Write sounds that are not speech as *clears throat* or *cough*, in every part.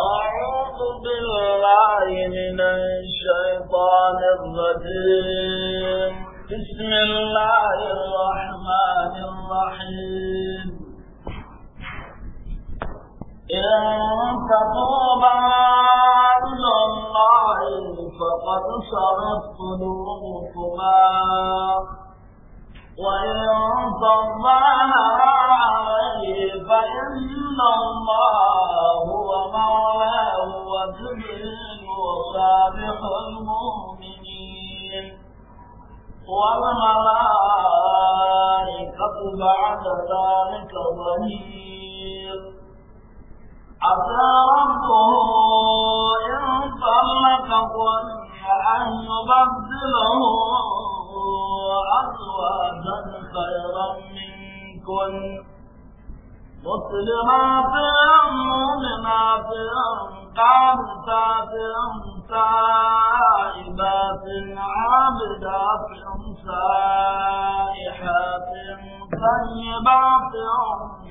أعوذ بالله من الشيطان الرجيم بسم الله الرحمن الرحيم إن تتوبا إلى الله فقد صرت قلوبكما وإن تظاهرا عليه فإن إن الله هو مولاه وجبريل وصالح المؤمنين والملائكة بعد ذلك ظهير عسى ربه إن طلقكن أن يبدله أزواجا خيرا منكن واتل ما فيهم مؤمنات قانتات تائبات عابدات سائحات طيبات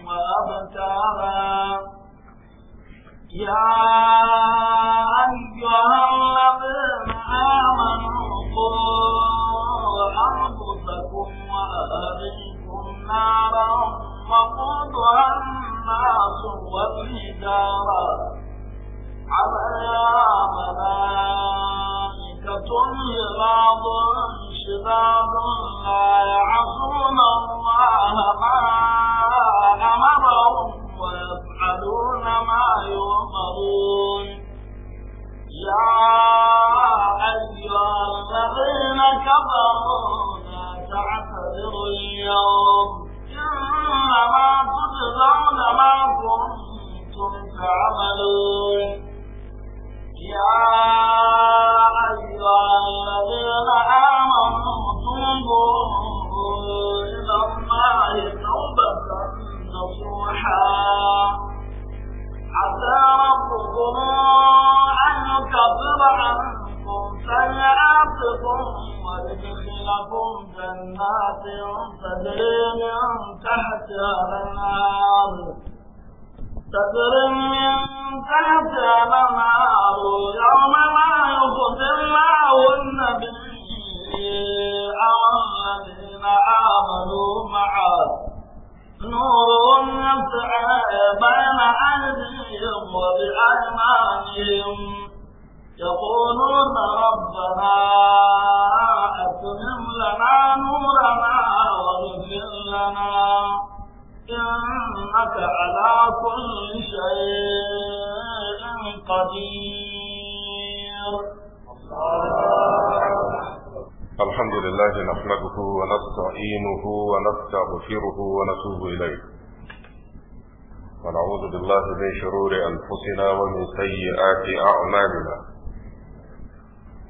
وابكارا يا أيها آمنوا قوا أنفسكم وأهليكم نارا وقودها الناس والحجارة عليها ملائكة غلاظ شداد لا يعصون الله ما أمرهم ويفعلون ما يؤمرون يا أيها الذين كفروا لا تعتذروا اليوم إنما تجزون ما كنتم تعملون يا أيها الذين آمنوا توبوا إلى الله توبة نصوحا عسى ربكم أن يكفر عنكم سيئاتكم ويجزيكم لكم جنات تجري من تحتها الأنهار تجري من تحتها الأنهار يوم ما يخزي الله النبي الذين آمنوا معه نورهم يسعى بين أيديهم وبأيمانهم يقولون ربنا أتمم لنا نورنا واغفر لنا إنك على كل شيء قدير الحمد لله نحمده ونستعينه ونستغفره ونتوب إليه ونعوذ بالله من شرور أنفسنا ومن سيئات أعمالنا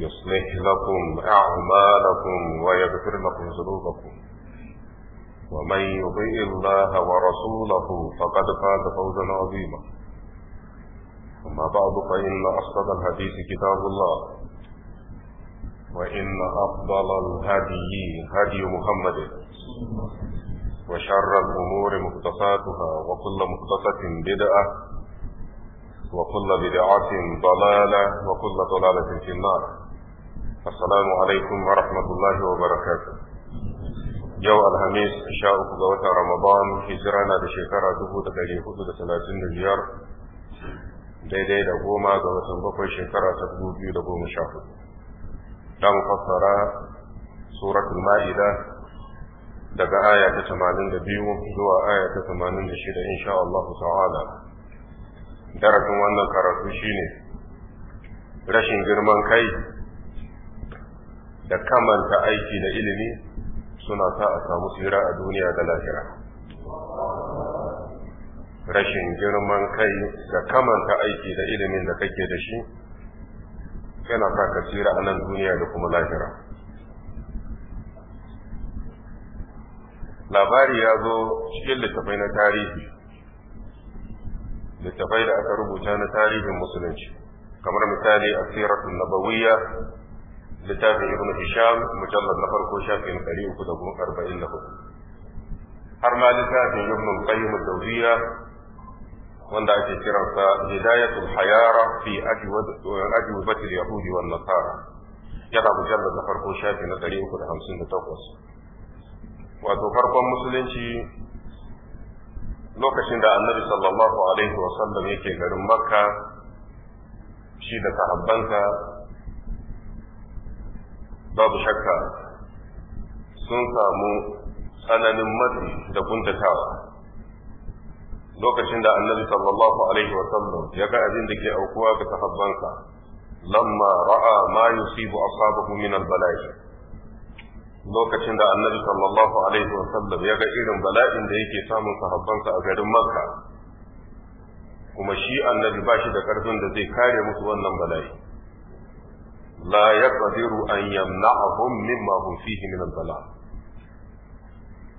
يصلح لكم أعمالكم ويغفر لكم ذنوبكم ومن يطيع الله ورسوله فقد فاز فوزا عظيما أما بعد فإن أصدق الحديث كتاب الله وإن أفضل الهدي هدي محمد وشر الأمور مقتصاتها وكل مقتصة بدعة وكل بدعة ضلالة وكل ضلالة في النار assalamu alaikum wa rahmatullahi wa barakatuh yau alhamis sha uku ga watan ramadan hijira na da shekara dubu da ɗari hudu da talatin da biyar daidai da goma ga watan bakwai shekara ta dubu biyu da goma sha hudu ta mufassara suratul ma'ida daga aya ta tamanin da biyu zuwa aya ta tamanin da shida insha Allah ta'ala darasin wannan karatu shine rashin girman kai da kamanta aiki da ilimi suna sa a samu tsira a duniya da lahira rashin girman kai da kamanta aiki da ilimin da kake da shi yana sa ka tsira a nan duniya da kuma lahira labari ya zo cikin littafai na tarihi littafai da aka rubuta na tarihin musulunci kamar misali a siratun nabawiyya littafin ibnu hisham mujallad na farko shafin hudu. har ma littafin ibnu qayyim ad-dawriya wanda ake kiransa hidayatul hayara fi ajwibatil yahudi wan nasara yana mujallad na farko shafi na takwas. wato farkon musulunci lokacin da annabi sallallahu alaihi wa wasallam yake garin makka shi da sahabbansa babu shakka sun samu tsananin matsi da kuntatawa lokacin da annabi sallallahu alaihi wa sallam ya ga abin da ke aukuwa ga sahabbansa lamma ra'a ma yusibu ashabahu min al-bala'i lokacin da annabi sallallahu alaihi wa sallam ya ga irin bala'in da yake samun sahabbansa a garin makka kuma shi annabi ba shi da karfin da zai kare musu wannan bala'i la yaqdiru an yamna'ahum mimma hum fihi min al-bala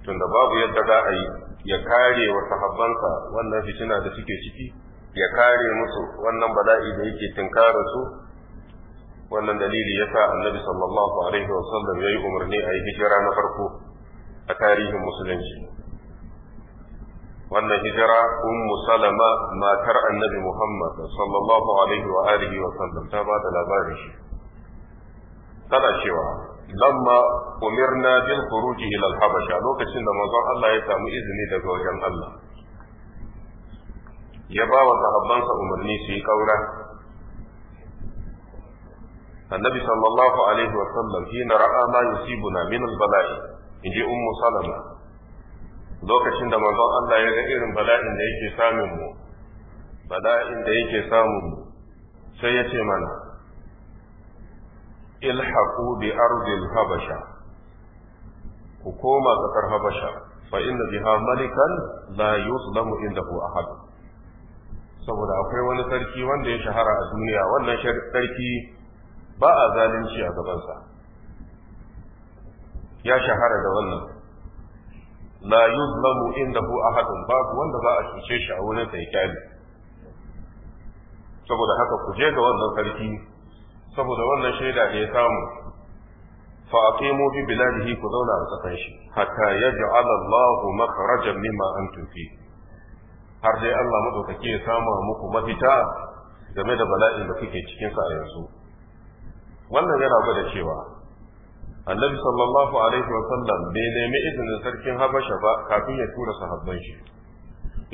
tunda babu yadda za a yi ya kare wa sahabbansa wannan fitina da suke ciki ya kare musu wannan bala'i da yake tinkara su wannan dalili yasa annabi sallallahu alaihi wa sallam yayi umarni a yi hijira na farko a tarihin musulunci wannan hijira ummu salama matar annabi muhammad sallallahu alaihi wa alihi wa sallam ta ba da labarin shi tana cewa lamma umirna bil khuruj ila al habasha lokacin da manzon Allah ya samu izini daga wajen Allah ya ba wa sahabbansa umarni su yi kaura annabi sallallahu alaihi wa sallam hina ra'a ma yusibuna min al bala'i inji ummu salama lokacin da manzon Allah ya ga irin bala'in da yake samun mu bala'in da yake samun mu sai ya ce mana ilhaqu bi ardil habasha ku koma kasar habasha fa inna biha malikan la yuzlamu indahu ahad saboda akwai wani sarki wanda ya shahara a duniya wannan sarki ba a zalunci a gabansa ya shahara da wannan la yuzlamu indahu ahad babu wanda ba a cuce shi a wurin sa ya kyale saboda haka ku je ga wannan sarki saboda wannan shaida da ya samu fa aqimu fi biladihi ku zauna a kasan shi hatta yaj'al Allahu makhrajan mimma antum fi har dai Allah madaukake ya sama muku mafita game da bala'in da kuke cikin sa a yanzu wannan yana gwada cewa annabi sallallahu alaihi wa sallam bai nemi izinin sarkin habasha ba kafin ya tura sahabban shi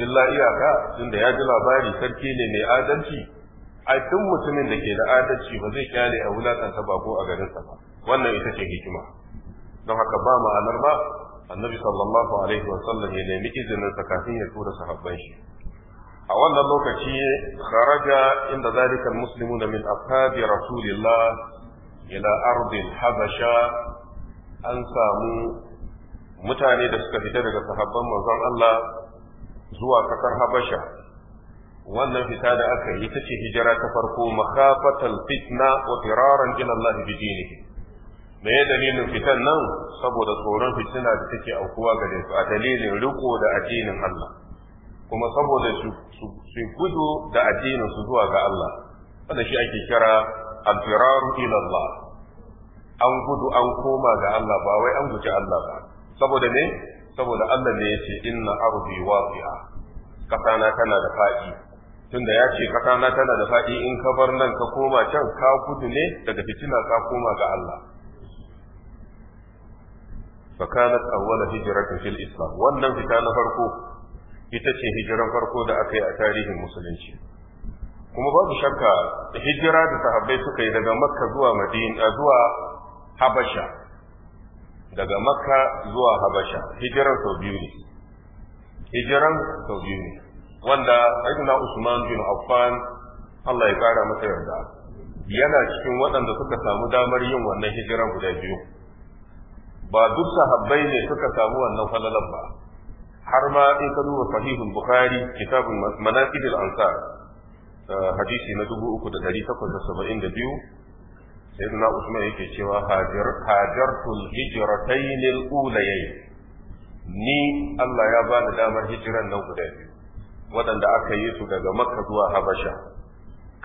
illa iyaka tunda ya ji labari sarki ne mai adalci a duk mutumin da ke da adalci ba zai kyale a ba bako a garinsa ba wannan ita ce hikima don haka ba ma'anar ba annabi sallallahu alaihi wa sallam ya nemi izinin sa kafin ya tura sahabban shi a wannan lokaci kharaja inda zalika almuslimuna min ashabi rasulillah ila ardil habasha an samu mutane da suka fita daga sahabban manzon Allah zuwa kasar habasha wannan fita da aka yi ta ce hijira ta farko makhafatan fitna wa firaran ila Allah bi dinihi me ya dalilin fitan nan saboda tsoron fitina da take aukuwa gare su a dalilin riko da addinin Allah kuma saboda su gudu da addinin su zuwa ga Allah wanda shi ake kira al-firaru ila Allah an gudu an koma ga Allah ba wai an guji Allah ba saboda ne saboda Allah ne yace inna ardi wasi'a kasana tana da faɗi tunda ya ce kasa tana da faɗi in ka bar nan ka koma can ka gudu ne daga fitina ka koma ga Allah kana awwala hijratin fil islam wannan fita na farko ita ce hijiran farko da aka yi a tarihin musulunci kuma babu shakka hijira da sahabbai suka yi daga makka zuwa madina zuwa habasha daga makka zuwa habasha hijiran sau biyu ne hijiran sau biyu ne wanda sayyidina Usman bin Affan Allah ya kara masa yarda yana cikin waɗanda suka samu damar yin wannan hijiran guda biyu ba duk sahabbai ne suka samu wannan falalan ba har ma in ka duba sahihul bukhari kitabul manaqib al ansar eh, hadisi na 3872 sayyidina usman yake cewa hajar hajartul hijratayn al ulayayn ni Allah ya bani damar hijiran nan guda biyu waɗanda aka yi su daga makka zuwa habasha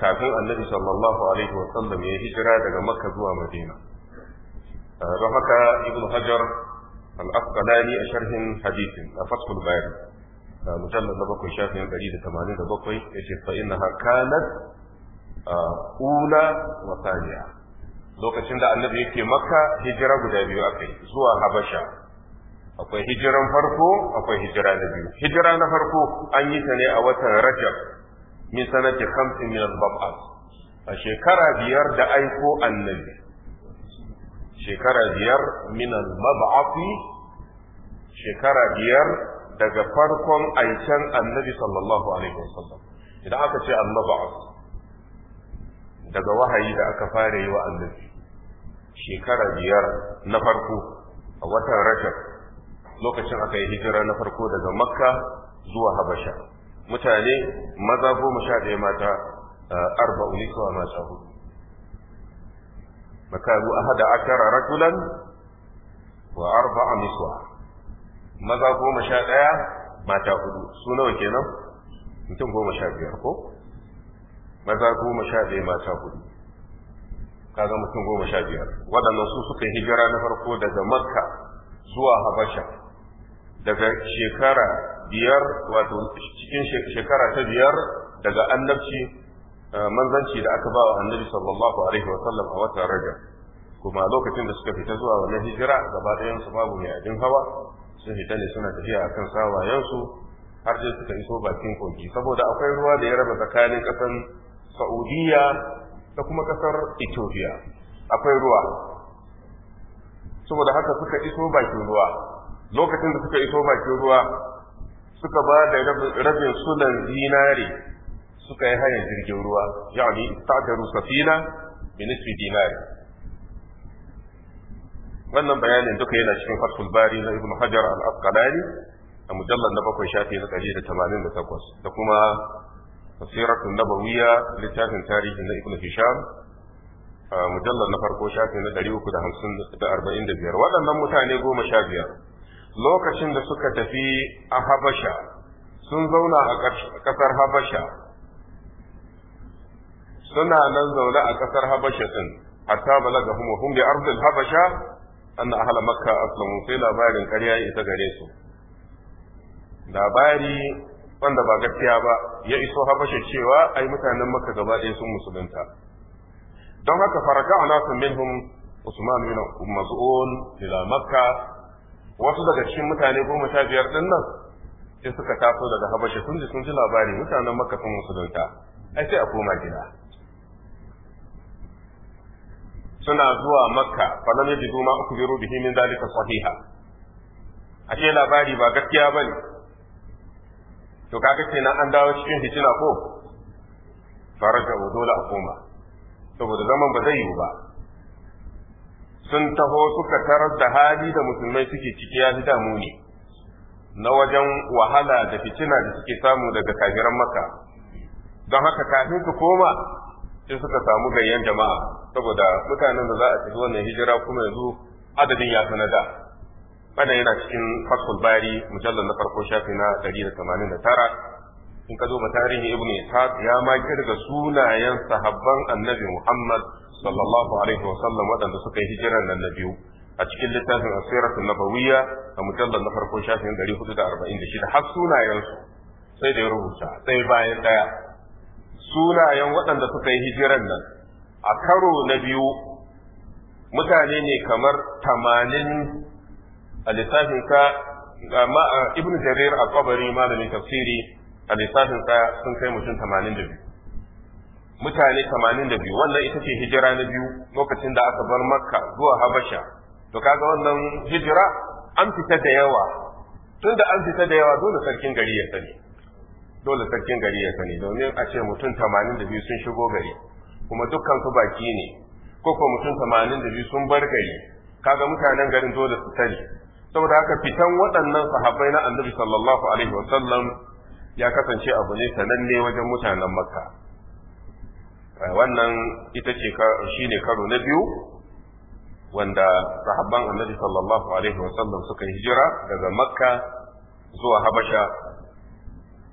kafin annabi sallallahu alaihi wa sallam ya hijira daga makka zuwa madina uh, don haka ibn hajar al-asqalani a sharhin hadisin a fathul bayan uh, mujallad na bakwai shafin ɗari da tamanin da bakwai ya ce fa inna kanat uh, ula wa saniya lokacin da annabi yake makka hijira guda biyu aka yi zuwa habasha akwai hijiran farko akwai hijira na biyu hijira na farko an yi ta ne a watan rajab min sanati khamsin min al-bab'a a shekara biyar da aiko annabi shekara biyar min al-bab'afi shekara biyar daga farkon aiken annabi sallallahu alaihi wasallam idan aka ce al-bab'af daga wahayi da aka fara yi wa annabi shekara biyar na farko a watan rajab lokacin aka yi hijira na farko daga makka zuwa habasha mutane maza goma sha ɗaya mata eh, arba'u ne kawai mata hudu makaru hada akara rajulan wa a niswa maza goma sha ɗaya mata hudu su nawa kenan mutum goma sha biyar ko maza goma sha ɗaya mata hudu kaga mutum goma sha biyar waɗannan su suka hijira na farko daga makka zuwa habasha daga shekara biyar wato cikin shekara ta biyar daga annabci eh, manzanci da aka ba wa annabi sallallahu alaihi wa sallam a watan rajab kuma lokacin da suka fita zuwa wannan hijira gaba ɗayan su babu mai abin hawa sun fita ne suna tafiya akan sawayensu har sai suka iso bakin kogi saboda akwai ruwa da ya raba tsakanin ƙasar Saudiya da kuma ƙasar Ethiopia akwai ruwa saboda haka suka iso bakin ruwa lokacin da suka iso bakin ruwa suka ba da rabin sunan dinari suka yi hanyar jirgin ruwa ya'ani istakaru safina bi nisfi dinari wannan bayanin duka yana cikin fathul bari na Ibn hajar al-asqalani a mujallar na bakwai shafi na ɗari da tamanin da takwas da kuma tasiratun nabawiyya littafin tarihi na ibnu hisham mujallar na farko shafi na ɗari uku da hamsin da arba'in da biyar waɗannan mutane goma sha biyar lokacin da suka tafi a habasha sun zauna a ƙasar habasha suna nan zaune a ƙasar habasha din hatta balaga hum hum bi ardi habasha anna ahla makka aslamu sai labarin ƙarya ya isa gare su labari wanda ba gaskiya ba ya iso habasha cewa ai mutanen makka gaba ɗaya sun musulunta don haka faraka ana minhum usman bin mas'ud ila makka wasu daga cikin mutane goma sha biyar ɗin nan sai suka taso daga habasha sun ji sun ji labari mutanen makka sun musulunta ai sai a koma gida suna zuwa makka yadda yajidu ma ukbiru bihi min zalika sahiha ce labari ba gaskiya ba ne. to kaga kenan an dawo cikin hijina ko faraja dole a koma saboda zaman ba zai yiwu ba sun taho suka tarar da hali da musulmai suke ciki ya fi damu ne na wajen wahala da fitina da suke samu daga kafiran maka don haka kafin su koma sai suka samu gayyan jama'a saboda mutanen da za a tafi wannan hijira kuma yanzu adadin ya sanar da wannan yana cikin fasul bari mujallar na farko shafi na 189 in ka zo ma tarihi ibnu ishaq ya ma kirga sunayen sahabban annabi muhammad sallallahu alaihi wa sallam waɗanda suka yi hijirar nan na biyu a cikin littafin asiratul nabawiyya da mujallar na farkon shafin 446 har sunayensu sai da ya rubuta sai bayan daya sunayen waɗanda suka yi hijirar nan a karo na biyu mutane ne kamar tamanin a lissafin ka ibn jarir a kabari malamin tafsiri a lissafin ka sun kai mutum tamanin da biyu mutane 82 wannan ita ce hijira na biyu lokacin da aka bar makka zuwa habasha to kaga wannan hijira an fita da yawa Tun da an fita da yawa dole sarkin gari ya sani dole sarkin gari ya sani domin a ce mutum 82 sun shigo gari kuma dukkan su baki ne ko ko mutum 82 sun bar gari kaga mutanen garin dole su sani saboda haka fitan waɗannan sahabbai na annabi sallallahu alaihi wasallam ya kasance abu ne sananne wajen mutanen makka Eh, wannan ita ce shi ne karo na biyu wanda sahabban annabi sallallahu alaihi wasallam suka hijira daga makka zuwa habasha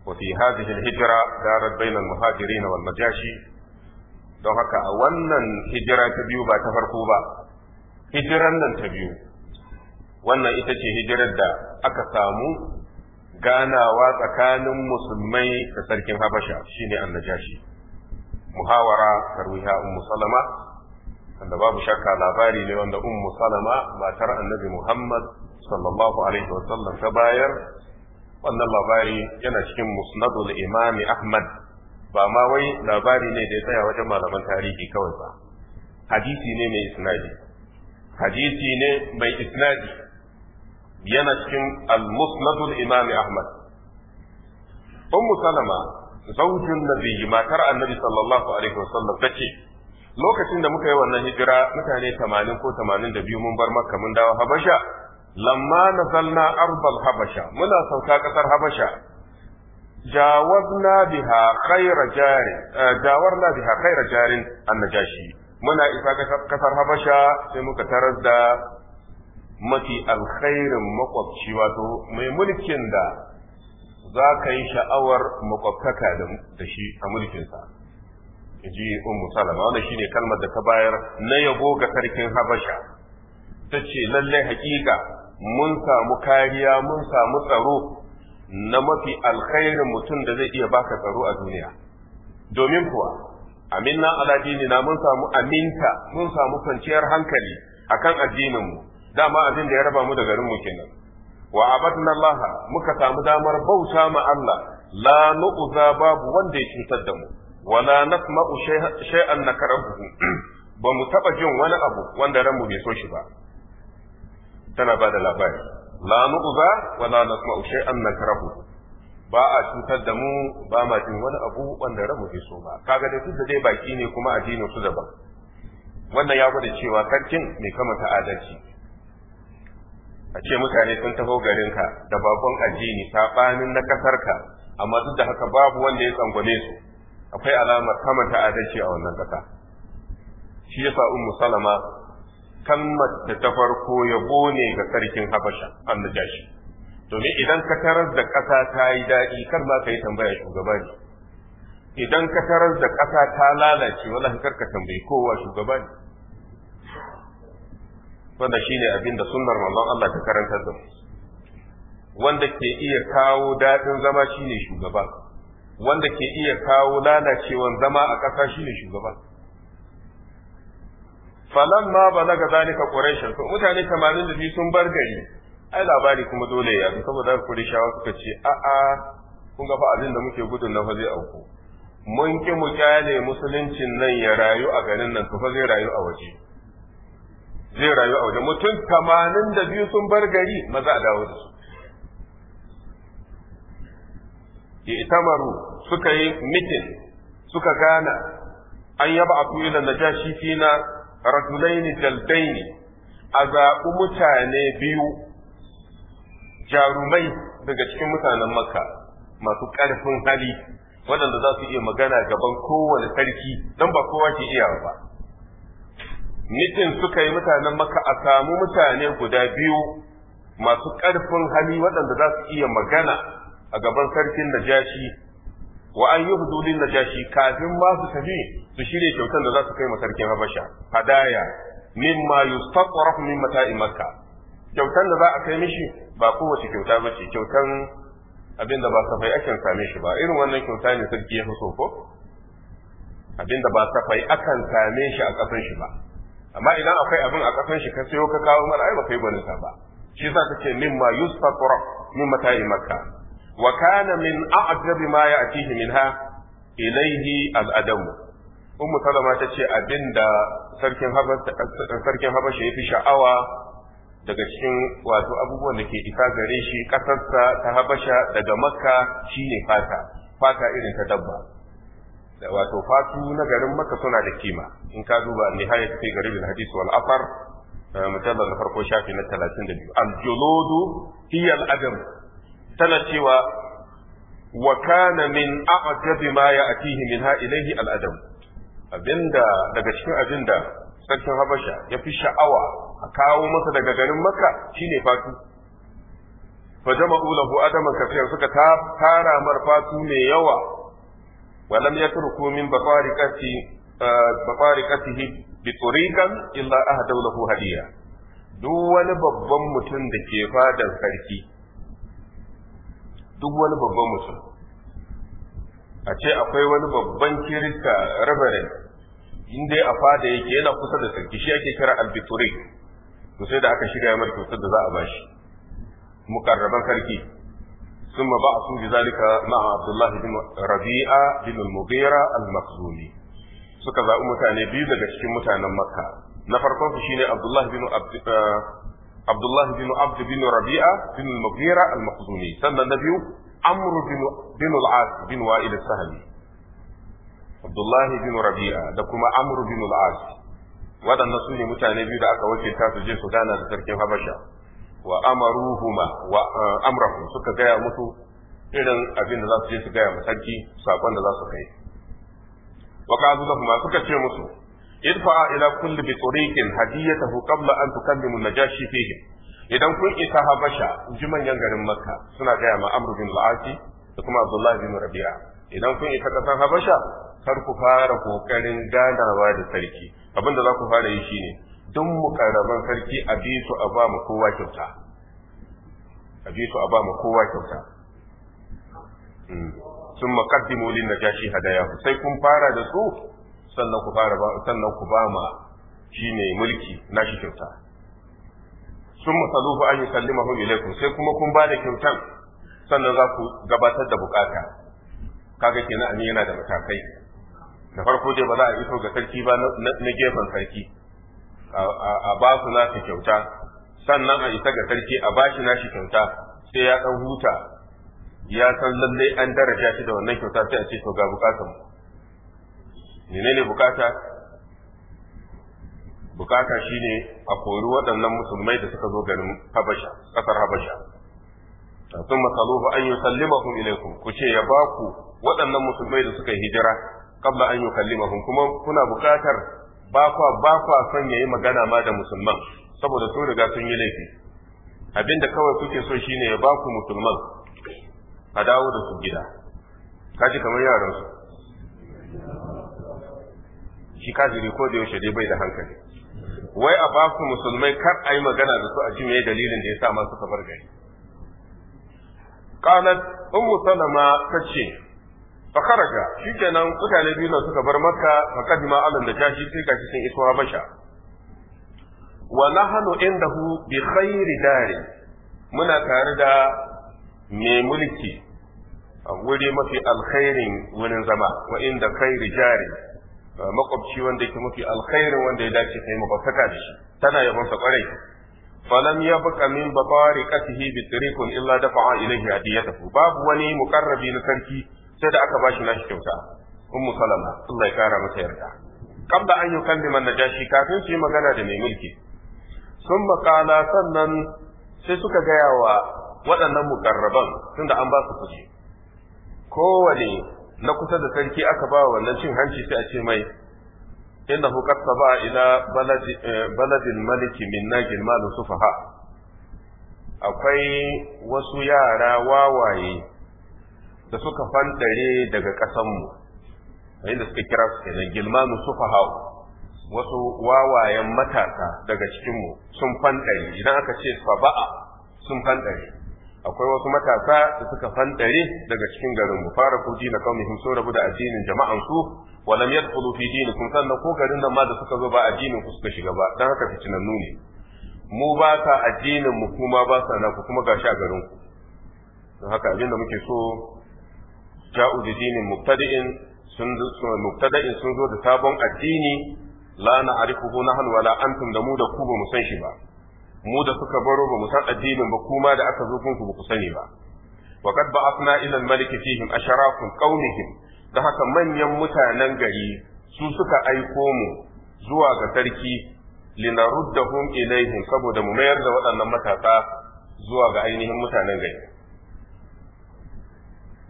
وفي hijira الهجرة دارت بين المهاجرين والنجاشي don haka a wannan hijira ta biyu ba ta farko ba hijiran nan ta biyu wannan ita ce hijirar da aka samu ganawa tsakanin musulmai da sarkin habasha shine annajashi muhawara tarwiha ummu salama wanda babu shakka labari ne wanda ummu salama matar annabi muhammad sallallahu alaihi wa sallam ta bayar wannan labari yana cikin musnadul imami ahmad ba ma wai labari ne da ya tsaya wajen malaman tarihi kawai ba hadisi ne mai isnadi hadisi ne mai isnadi yana cikin al-musnadul imami ahmad ummu salama zaujin nabiyyi matar annabi sallallahu alaihi wasallam tace lokacin da muka yi wannan hijira mutane 80 ko 82 mun bar makka mun dawo habasha lamma nazalna arbal habasha muna sauka kasar habasha jawazna biha khayra jari eh, jawarna biha khayra jarin annajashi muna isa kasar habasha sai muka tarar da mafi alkhairin makwabci wato mai mulkin da za ka yi sha'awar makwabtaka da shi a mulkinsa in ji umu salama shi ne kalmar da ta bayar na yabo ga sarkin habasha ta ce lallai hakika mun samu kariya mun samu tsaro na mafi alkhairin mutum da zai iya baka tsaro a duniya domin kuwa aminna al'adini na mun samu aminta mun samu kwanciyar hankali akan addininmu dama abin da ya raba mu da garinmu kenan wa abadna Allah muka samu damar bauta ma Allah la nu'za babu wanda ya cutar da mu wala nasma'u shay'an nakarahu *clears throat* ba mu taba jin wani abu wanda ranmu bai so shi ba tana ba da labari la nu'za wala nasma'u shay'an nakarahu ba a cutar da mu ba ma jin wani abu wanda ranmu bai so ba kaga da duk da dai baki ne kuma addinin su daban wannan ya gwada cewa sarkin mai kamata adalci a ce mutane sun taho garinka da bakon addini saɓanin na ƙasarka amma duk da haka babu wanda ya tsangwame su akwai alamar ta adalci a wannan ƙasa shi yasa ummu salama kalmar da ta farko ya gone ga sarkin habasha jashi. domin idan ka tarar da ƙasa ta yi daɗi kar ma ka yi tambaya shugaba ne idan ka tarar da ƙasa ta lalace wala kar ka tambayi kowa shugaba ne wanda ne abin da sunnar mallon Allah ta karantar da wanda ke iya kawo daɗin zama shine shugaba wanda ke iya kawo lalacewan zama a ƙasa shine shugaba falan ma ga zalika quraish to mutane tamanin da biyu sun bar gari ai labari kuma dole ya bi saboda qurayshawa suka ce a a kun ga fa abin da muke gudun na fa zai auku mun ki mu kyale musuluncin nan ya rayu a garin nan to fa zai rayu a waje zai rayu a wajen mutum tamanin da biyu sun bar gari maza a dawo da su itamaru suka yi mitin suka gana an yaba a ila shi fina rajulaini jaldaini a zaɓi mutane biyu jarumai daga cikin mutanen makka masu ƙarfin hali waɗanda za su iya magana gaban kowane sarki don ba kowa ke iya ba mitin suka yi mutanen maka a samu mutane guda biyu masu ƙarfin hali waɗanda za su iya magana a gaban sarkin najashi wa an yi hududin najashi kafin ma su tafi su shirya kyautan da za su kai sarkin habasha hadaya mimma yustaqrafu min mata'i makka kyautan da za a kai mishi ba kowace kyauta ba ce kyautan abin da ba safai akan same shi ba irin wannan kyauta ne sarki ya fi so ko abin da ba safai akan same shi a ƙasar shi ba amma idan akwai abin a kasan shi ka sayo ka kawo mana ai ba kai gwaninta ba shi yasa ma mimma yustaqra min mata'i makka wa kana min a'jab ma ya'tihi minha ilayhi al-adam ummu salama ce abinda sarkin habasha sarkin habasha yafi sha'awa daga cikin wato abubuwan da ke isa gare shi kasarsa ta habasha daga makka shine fata fata irin ta dabba da wato fatu na garin maka suna da kima in ka duba nihayat fi garibin hadis wal afar eh, mujallar na farko shafi na talatin da biyu. al juludu hiya al adam tana cewa wa kana min a'jab ma ya'tihi min ilayhi al adam abinda daga cikin abinda sarkin habasha ya fi sha'awa a kawo masa daga garin maka shine fatu fa jama'u lahu adama kafiyan suka tara mar fatu mai yawa ولم يتركوا من بطاركته بطاركته بطريقا إلا أهدوا له هدية duk wani babban mutum da ke fadar sarki duk wani babban mutum a ce akwai wani babban kirista rabarin inda a fada yake yana kusa da sarki shi ake kira albiturik to sai da aka shirya mai kusa da za a bashi mukarraban sarki ثم بعثوا بذلك مع عبد الله بن ربيعة بن المغيرة المخزومي suka zaɓi mutane biyu daga cikin mutanen makka na farkon su shine abdullahi bin abdullahi bin abd bin rabi'a bin al al-makhzumi sannan na biyu amr bin al-as bin wa'il as-sahli abdullahi bin rabi'a da kuma amr bin al-as waɗannan su ne mutane biyu da aka wakilta su je su gana da sarkin habasha wa amaruhuma wa eh, amrahu suka gaya musu irin abin da za su je su gaya sarki sakon da za su kai wa qalu lahum suka ce musu idfa ila kulli bi tariqin hadiyatahu qabla an tukallimu najashi fihi idan kun isa habasha ji manyan garin makka suna gaya ma amru bin la'ati da kuma abdullahi bin rabi'a idan kun isa kasan habasha kar ku fara kokarin ganawa da sarki abin da za ku fara yi shine duk mukarraban sarki a bi su a ba mu kowa kyauta a bi su a ba mu kowa kyauta hmm. sun makaddimu lin najashi hadaya sai kun fara da su sannan ku fara ba sannan ku ba ma shine mulki nashi kyauta sun masalufu an yi hu ilaikum sai kuma kun ba da kyautan sannan za ku gabatar da bukata kaga kenan ani yana da matakai da farko dai ba za a iso ga sarki ba na gefen sarki a ba su nasa kyauta sannan a isa ga sarki a bashi nashi kyauta sai ya ɗan huta ya san lallai an daraja shi da wannan kyauta sai a ce to ga bukatan menene bukata bukata shine a kori waɗannan musulmai da suka zo garin habasha ƙasar habasha sun ba an yi yusallimahum ilaikun ku ce ya ba ku waɗannan musulmai da suka hijira kabla an yi yukallimahum kuma kuna bukatar ba kwa ba kwa son yayi magana ma da musulman saboda sun riga sun yi laifi abinda kawai kuke so shine ya ba ku musulman a dawo da su gida kaji kamar yaran su shi ko da yaushe dai bai da hankali wai a baku musulmai kar a yi magana da su a ji me dalilin da ya sa masu kamar gari qalat ummu salama tace fa kharaja shikenan mutane biyu na suka bar makka fa kadima da najashi sai ga cikin iso habasha wa nahnu indahu bi khairi dari muna tare da me mulki a wuri mafi alkhairin wurin zama wa inda khairi jari makwabci wanda yake mafi alkhairin wanda ya dace sai makwabtaka da shi tana yabon sa kwarai falam ya yabqa min babariqatihi bi tariqin illa dafa'a ilayhi hadiyatahu babu wani muqarrabi na sarki sai da aka bashi nashi kyauta ummu salama Allah ya kara masa yarda qabla an yukallima najashi kafin su yi magana da mai mulki sun makala sannan sai suka gaya wa waɗannan mukarraban tunda an ba su kuɗi kowane na kusa da sarki aka ba wannan cin hanci sai a ce mai inna hu saba ila baladi eh, baladil maliki min najil malu sufaha akwai wasu yara wawaye da suka fantare daga ƙasanmu inda suka kira su kenan gilmanu sufaha wasu wawayen matasa daga cikinmu sun fantare idan aka ce faba'a sun fantare akwai wasu matasa da suka fantare daga cikin garin mu fara ku dina qaumihim sun rabu da addinin jama'an su wa lam yadkhulu fi dinikum sannan ko garin nan ma da suka zo ba addinin ku suka shiga ba dan haka fitinannu ne mu ba sa addinin mu kuma ba sa naku kuma gashi a garin ku don haka abin da muke so ja'u bi dinin mubtadi'in sun mubtada'in sun zo da sabon addini la na'rifuhu nahnu wala antum da mu da ku ba mu san shi ba mu da suka baro ba mu san addinin ba kuma da aka zo kunku ba ku sani ba wa qad ba'athna ila al-malik fihim qawmihim da haka manyan mutanen gari su suka aiko mu zuwa ga sarki linaruddahum ilaihim saboda mu mayar da waɗannan matasa zuwa ga ainihin mutanen gari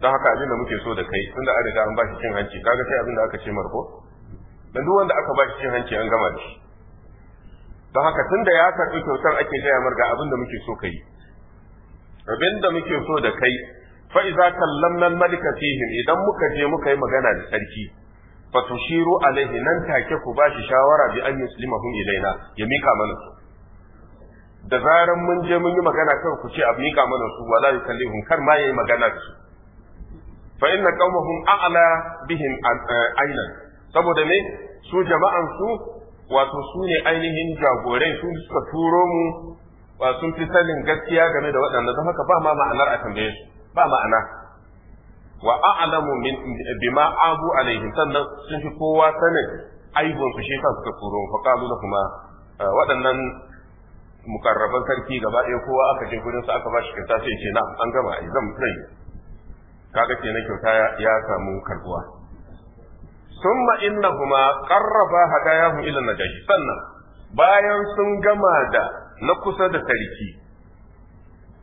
don haka abin da muke so da kai tunda an riga an ba shi cin hanci kaga sai abin da aka ce marko dan duk wanda aka ba shi cin hanci an gama da shi don haka tunda ya karbi kyautar ake gaya marga abin da muke so ka yi abin da muke so da kai fa iza kallamna malika fihim idan muka je muka yi magana da sarki fa tushiru alaihi nan take ku ba shi shawara bi an hum ilaina ya mika mana su da zaran mun je mun yi magana kan ku ce a mika mana su wala yukallihum kar ma yayi magana da su fa inna qawmahum a'la bihim aynan eh, saboda ne su jama'an su wato su ne ainihin jagorai su suka turo mu sun fi sanin gaskiya game da waɗanda don haka ba ma ma'anar a tambaye su ba ma'ana wa a'lamu min bima abu alaihim sannan sun fi kowa sanin aibun su shi suka turo mu fa qalu kuma eh, waɗannan mukarraban sarki gaba ɗaya kowa aka je gurin su aka ba shi kyauta sai ce na an gama ai zan yi. kaga kenan kyauta ya samu karbuwa summa innahuma qarraba hadayahum ila najashi sannan bayan sun gama da na kusa da sarki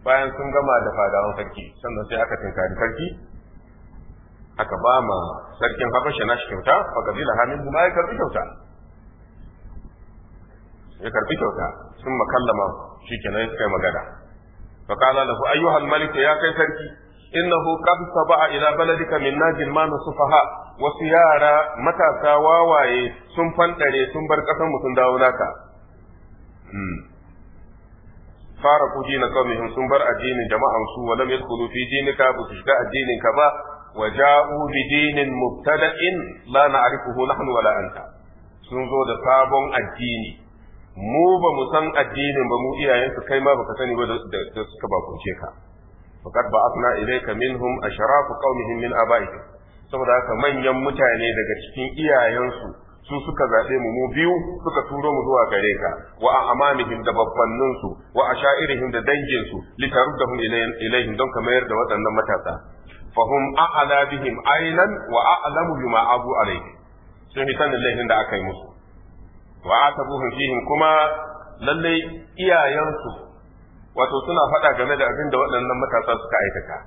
bayan sun gama da fadawan sarki sannan sai aka tinkari sarki aka ba ma sarkin habasha nashi kyauta fa kabila hamin kuma ya karbi kyauta ya karbi kyauta sun makallama shi kenan ya magana fa qala lahu ayyuhal malik ya kai sarki In na innahu qad saba'a ila baladika min najin ma nasufaha wasu yara matasa wawaye sun fandare sun bar kasan sun dawo naka fara kuji na kawmihim sun bar addinin jama'an su wa lam yadkhulu fi dinika bu shiga addinin ka ba wa ja'u bi dinin mubtada'in la na'rifuhu nahnu wala anta sun zo da sabon addini mu ba mu san addinin ba mu iyayensu kai ma baka sani ba da suka bakunce ka faqad ba'athna ilayka minhum asharaf qawmihim min aba'ihim saboda haka manyan mutane daga cikin iyayensu su suka zaɓe mu mu biyu suka turo mu zuwa gare ka wa a amanihim da su wa a sha'irihim da danginsu taruddahum ilayhim don ka mayar da waɗannan matasa fahum a'ala bihim aynan wa a'lamu bima abu alayhi sun hitan da laifin da aka yi musu wa atabuhum fihim kuma lallai iyayensu wato suna faɗa game da abin da waɗannan matasa suka aikata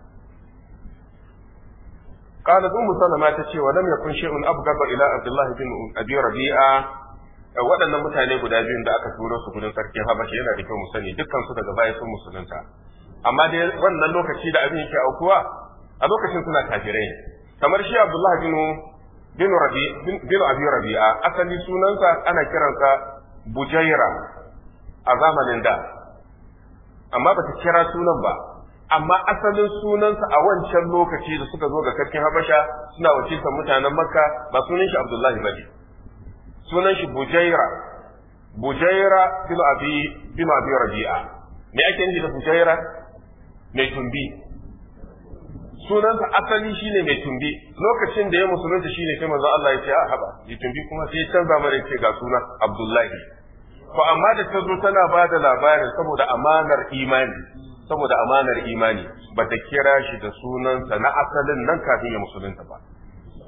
قالت أم ta ce wa lam yakun shay'un إلى ila الله bin Abi Rabi'a eh, waɗannan mutane guda biyun da aka turo su gudun sarkin habashi yana da kyau mu sani dukkan su daga baya sun musulunta amma dai wannan lokaci da abin yake aukuwa a lokacin suna kafirai kamar shi Abdullah bin bin Rabi bin Abi Rabi'a asali sunansa ana kiransa Bujaira a zamanin da amma bata kira sunan ba amma asalin sunansa a wancan lokaci da suka zo ga sarkin habasha suna wakiltar mutanen makka ba sunan shi abdullahi bane sunan shi bujaira bujaira bin abi bin abi rabi'a me ake nufi da bujaira mai tumbi sunansa asali shine mai tumbi lokacin da ya musulunta shine sai manzo Allah ya ce a ah, haba mai tumbi kuma sai ya canza mara ce ga sunan Abdullahi to amma da ta zo tana ba da labarin saboda amanar imani saboda amanar imani ba ta kira shi da sunansa na asalin nan kafin ya musulunta ba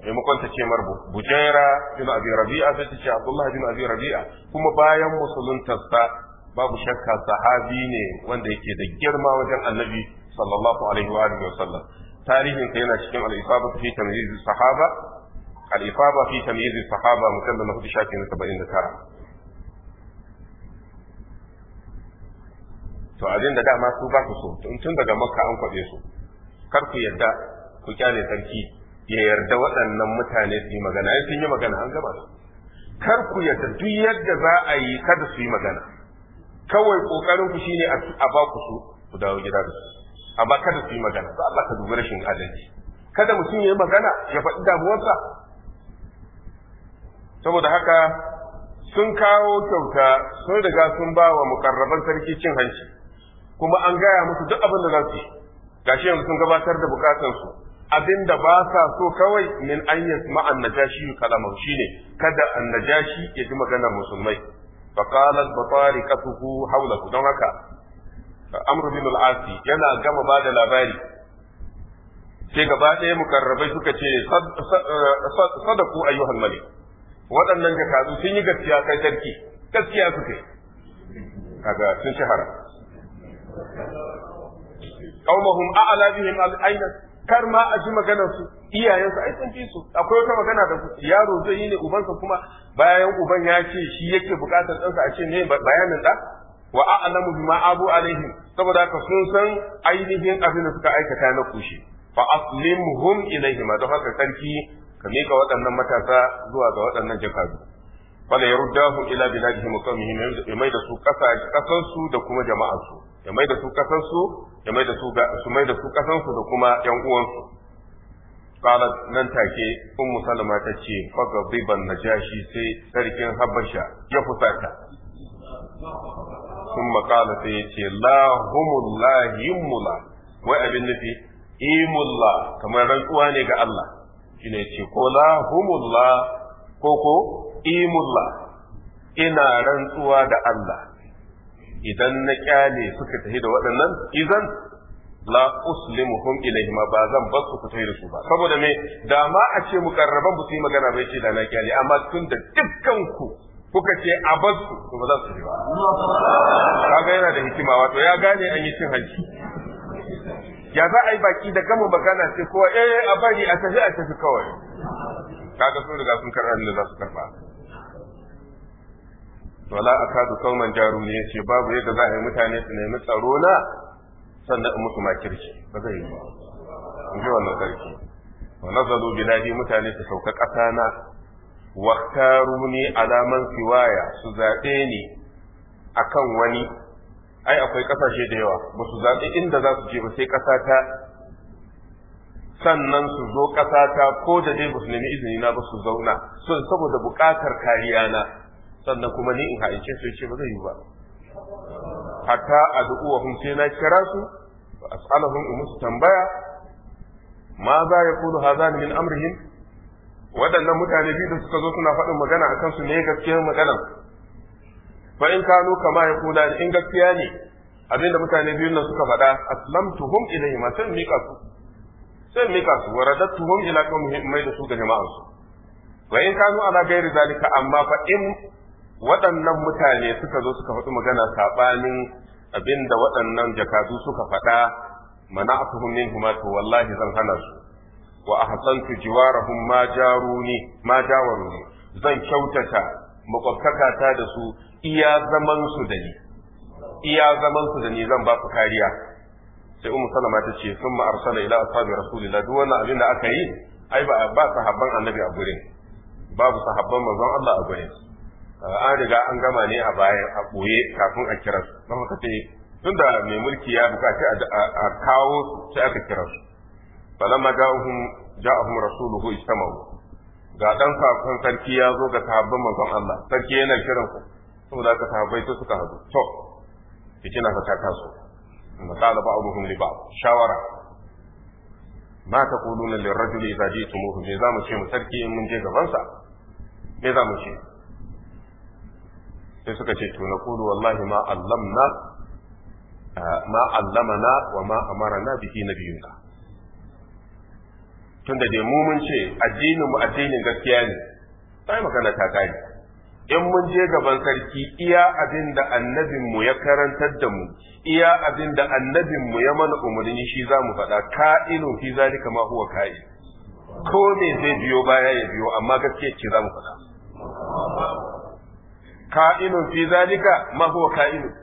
maimakon ta ce mar bujaira bin abi rabi'a sai ta ce abdullahi bin abi rabi'a kuma bayan musuluntarsa babu shakka sahabi ne wanda yake da girma wajen annabi sallallahu alaihi wa alihi wa sallam tarihin sa yana cikin al-isaba fi tamyiz sahaba al-isaba fi tamyiz sahaba mukallama fi shakin 79 to abin da dama su ba ku so tun daga makka an kwabe su kar ku yarda ku kyale sarki ya yarda waɗannan mutane su yi magana ai sun yi magana an gaba su kar ku yarda duk yadda za a yi kada su yi magana kawai kokarin ku shine a ba ku su ku dawo gida da su amma kada su yi magana ba Allah ka dubi rashin adalci kada mutum ya yi magana ya faɗi damuwarsa saboda haka sun kawo kyauta sun riga sun ba wa mukarraban sarki cin hanci kuma an gaya musu duk abin da za gashi yanzu sun gabatar da bukatansu abin da ba sa so kawai min an yasma annajashi kalamau shine kada annajashi ya ji maganar musulmai fa qalat batariqatuhu hawlahu don haka amr bin al yana gama ba da labari sai gaba ɗaya mukarrabai suka ce sadaku ayyuhan malik waɗannan jakadu sun yi gaskiya kai sarki gaskiya suka kaga sun shahara qaumahum a'la bihim al-ayna kar ma aji ji maganar su iyayensu ai sun fi su akwai wata magana da yaro zai yi ne sa kuma bayan uban ya ce shi yake bukatar ɗansa a ce ne bayanin da wa a'lamu bima abu alaihi saboda ka sun san ainihin abin da suka aikata na kushi fa aslimhum ma don haka sarki ka mika waɗannan matasa zuwa ga waɗannan jakadu wala yurdahu ila biladihi wa qawmihim mai da su ƙasa ƙasarsu da kuma jama'arsu ya mai da su kasansu ya mai da su su mai da su kasansu da kuma yan uwansu qalat nan take ummu salama ta ce fa gabiban najashi sai sarkin habasha ya fusata kuma qala sai ya ce la humullahi mulla wai abin nufi imullah kamar rantsuwa ne ga Allah ne ce ko la humullah ko ko ina rantsuwa da Allah idan na kyale suka tafi da waɗannan izan la uslimuhum ilayhi ma ba zan basu ku tafi da su ba saboda me da ma a ce mukarraban ba su yi magana bai ce da na kyale amma tun da dukkan ku kuka ce a basu, su to ba za su yi ba kaga yana da hikima wato ya gane an yi cin hanci ya za a yi baki da gama magana sai kowa eh, eh a bari a tafi a tafi kawai kaga sun riga sun karɓa da za su karɓa wala akadu kauman jaru ne yace babu yadda za a yi mutane su nemi tsaro na sannan in musu makirci ba zai yi ba in ji wannan sarki wa nazalu biladi mutane su sauka ƙasa na waktaruni alaman siwaya su zaɓe ni akan wani ai akwai ƙasashe da yawa ba su zaɓe inda za su je ba sai ƙasa ta sannan su zo ƙasa ta ko da dai ba su nemi izini na ba su zauna saboda buƙatar kariya na sannan kuma ni in ha'ince su yace ba zai yi ba hatta ad'uwahum sai na kira su fa as'aluhum in musu tambaya ma za yaqulu hadhan min amrihim waɗannan mutane biyu da suka zo suna faɗin magana akan su ne gaskiyar magana. fa in kanu kama yaqula in gaskiya ne abinda mutane biyun nan suka faɗa aslamtuhum ilayhi ma sai mika su sai mika su wa ila qawmihim mai da su ga jama'ansu wa in kanu ala ghairi zalika amma fa in waɗannan mutane suka zo suka faɗi magana saɓanin da waɗannan jakadu suka faɗa mana mana'atuhum kuma to wallahi zan hana su wa ahsantu jiwarahum ma jaruni ma ne zan kyautata makwabtakata da su iya zaman su da ni iya zaman su da ni zan ba su kariya sai umu salama ta ce sun arsala ila asabi rasulillah duk wannan abin da aka yi ai ba ba sahabban annabi a gurin babu sahabban manzon Allah a gurin an riga an gama ne a baya a ɓoye kafin a kira su don haka sai tun da mai mulki ya bukaci a kawo su sai aka kira su rasu ja'ahum ja'ahum rasuluhu ijtama'u ga dan kafin sarki ya zo ga sahabban manzon Allah sarki yana kiran ku saboda haka sahabbai su suka hadu to fitina fa ta taso amma qala ba'dhum li ba'd shawara ma taquluna lirrajuli idza ji'tumuhu me zamu ce mu sarki in mun je gaban sa me zamu ce sai suka ce to naqulu wallahi ma allamna ma allamana wa ma na bihi nabiyuna tunda dai mu mun ce addinin mu addinin gaskiya ne sai magana ta kai in mun je gaban sarki iya abin da annabinmu ya karantar da mu iya abin da annabinmu ya mana umarni shi za mu faɗa ka'ilun fi zalika ma huwa ka'i ko ne zai biyo baya ya biyo amma gaskiya ce za mu faɗa ka'inun fi zalika ma huwa ka'inun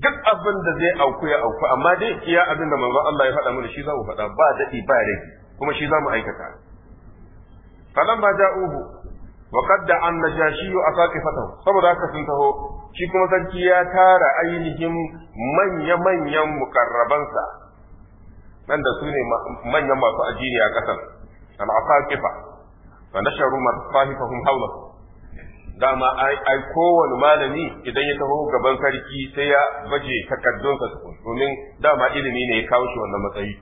duk abin da zai auku ya auku amma dai iya abin da manzo Allah ya faɗa mana shi za mu faɗa ba daɗi ba dai, kuma shi za mu aikata falamma ja'uhu wa qadda an wa asaqifatahu saboda haka sun taho shi kuma sarki ya tara ainihin manya manyan mukarrabansa nan da su ne manyan masu ajiri a ƙasar al-asaqifa fa nasharu masahifahum hawlahu dama ai kowane malami idan ya taho gaban sarki sai ya baje takardunsa tukun domin dama ilimi ne ya kawo shi wannan matsayi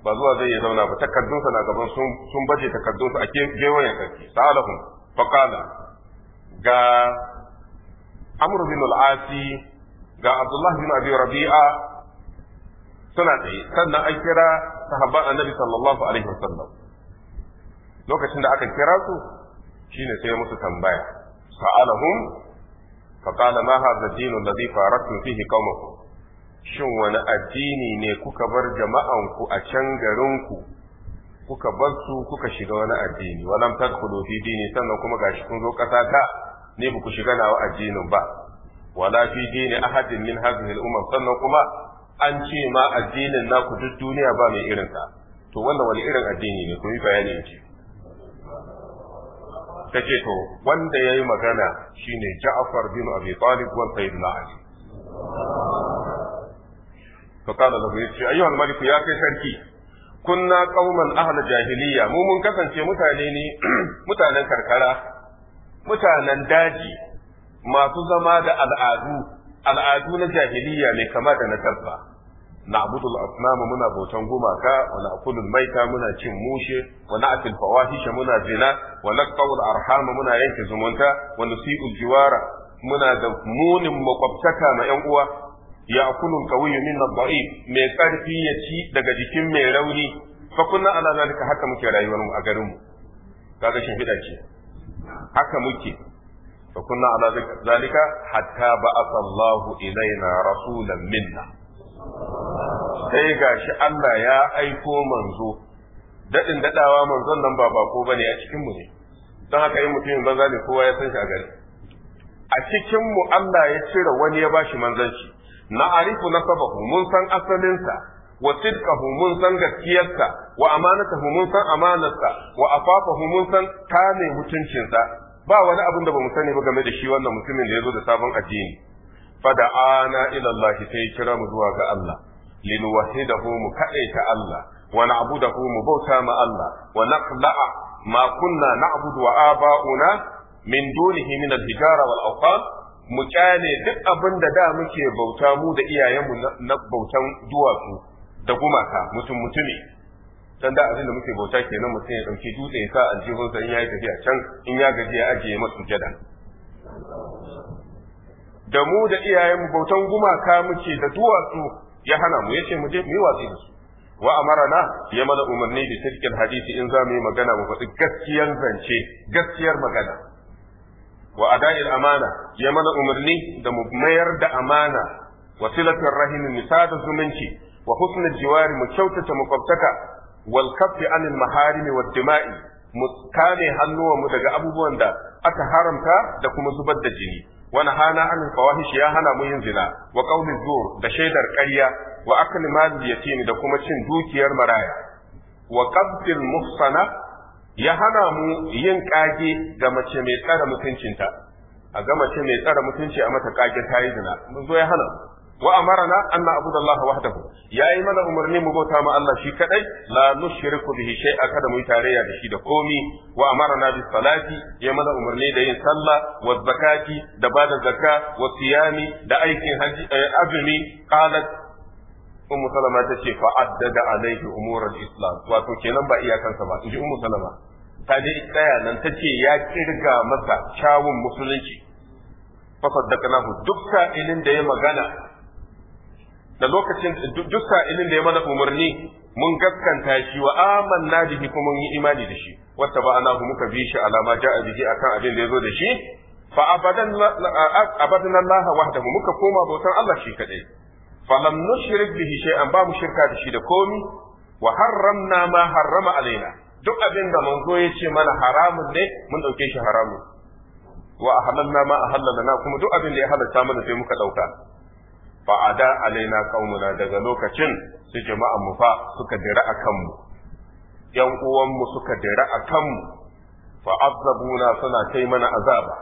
ba zuwa zai ya zauna ba sa na gaban sun baje sa a gewayen sarki sa'alahum faqala ga amru bin al-asi ga abdullah bin abi rabi'a suna tsaye sannan an kira sahabban annabi sallallahu alaihi wasallam lokacin da aka kira su shine sai musu tambaya sa'alahum fa qala ma hadha ad-din alladhi faraktum fihi qaumakum shin wani addini ne kuka bar jama'anku a can garinku kuka bar su kuka shiga wani addini walam tadkhulu fi dini sannan kuma gashi kun zo kasa ta ne ku shiga nawa addinin ba wala fi dini ahadin min hadhihi al-umam sannan kuma an ce ma addinin na ku duk duniya ba mai irin irinsa to wannan wani irin addini ne ku yi bayani ne ta ce to wanda ya yi magana shine ja'far bin abi talib wal sayyidina ali To kana da yace ce ayyuhal malik ya kai sarki kunna qauman ahl jahiliya mu mun kasance mutane ne *clears throat* mutanen karkara mutanen daji masu zama da al'adu al'adu na jahiliya ne kama da na tarfa Na na'budu al-asnama muna bautan gumaka wa na'kulu al-maita muna cin mushe wa na'til fawahisha muna zina wa naqta'u al-arhama muna yanke zumunta wa nusi'u al-jiwara muna da munin makwabtaka ma yan uwa ya kunu kawiyyu min ad-da'if mai karfi ya ci daga jikin mai rauni fa kunna ala zalika haka muke rayuwar mu a garin mu kaga shin hida ce haka muke fa kunna ala zalika hatta ba'atha Allahu ilaina rasulan minna sai ga shi Allah ya aiko manzo dadin dadawa manzon nan ba bako bane a cikin ne don haka yin mutumin za ne kowa ya san shi a gari a cikin mu Allah ya cire wani ya bashi manzanci na nasabahu mun san asalinsa wa sidqahu mun san gaskiyarsa wa amanatahu mun san amanarsa wa afafahu mun san kame mutuncinsa ba wani abin da bamu sani ba game da shi wannan mutumin da ya zo da sabon addini fada ana ila Allah sai kira mu zuwa ga Allah linuwahidahu mu ta Allah wa na'budahu mu bauta ma Allah wa naqla'a ma kunna na'budu wa aba'una min dunihi min al-hijara wal awqan mu duk abin da da muke bauta mu da iyayenmu na bautan duwatsu da gumaka mutum mutumi dan da abin da muke bauta kenan mutum ya dauki dutse ya sa aljihunsa in yayi tafiya can in ya gaji ya ajiye masu sujada da mu da iyayenmu bautan gumaka muke da duwatsu ya hana mu yace mu je mu yi watsi da su wa amarana ya mana umarni da sirkin hadisi in za mu yi magana mu faɗi gaskiyar zance gaskiyar magana wa ada'il amana ya mana umarni da mu mayar da amana wa silatul rahim nisa da zumunci wa husnul jiwari mu kyautata makwabtaka wal kaffi al maharimi wa dima'i mu kame hannuwanmu daga abubuwan da aka haramta da kuma zubar da jini wa nahana anil fawahish ya hana mu yin zina wa qawli zur da shaidar ƙarya wa aka akli mali yatim da kuma cin dukiyar maraya wa qabtil muhsana ya hana mu yin ƙage ga mace mai tsara mutuncinta a ga mace mai tsara mutunci a mata ƙage ta yi zina mun zo ya hana wa amarna an na'budu Allah wahdahu yayi mana umarni mu bauta ma Allah shi kadai la nushriku bihi shay'a kada mu yi tarayya da shi da komi wa amarna bis salati ya mana umarni da yin sallah wa zakati da bada zakka wa siyami da aikin haji eh, azumi qalat ummu salama ce fa addada alaihi umur islam wato kenan ba iyakansa ba inji ummu salama ta je tsaya nan ce ya kirga masa kyawun musulunci fa saddaqnahu dukka ilin da ya magana da lokacin duk sa'ilin da ya mana umarni mun gaskanta shi wa amanna bihi kuma mun yi imani da shi wata ba ana muka bi shi alama ja'a bihi akan abin da ya zo da shi fa abadan Allah wahdahu muka koma bautan Allah shi kadai fa lam nushrik bihi shay'an ba mu shirka da shi da komi wa harramna ma harrama alaina duk abin da manzo ya ce mana haramun ne mun dauke shi haramun wa ahallanna ma ahallana kuma duk abin da ya halarta mana sai muka dauka fa ada alaina kaumuna daga lokacin su jama'a mu fa suka dira akan mu yan uwan mu suka dira akan mu fa azabuna suna kai mana azaba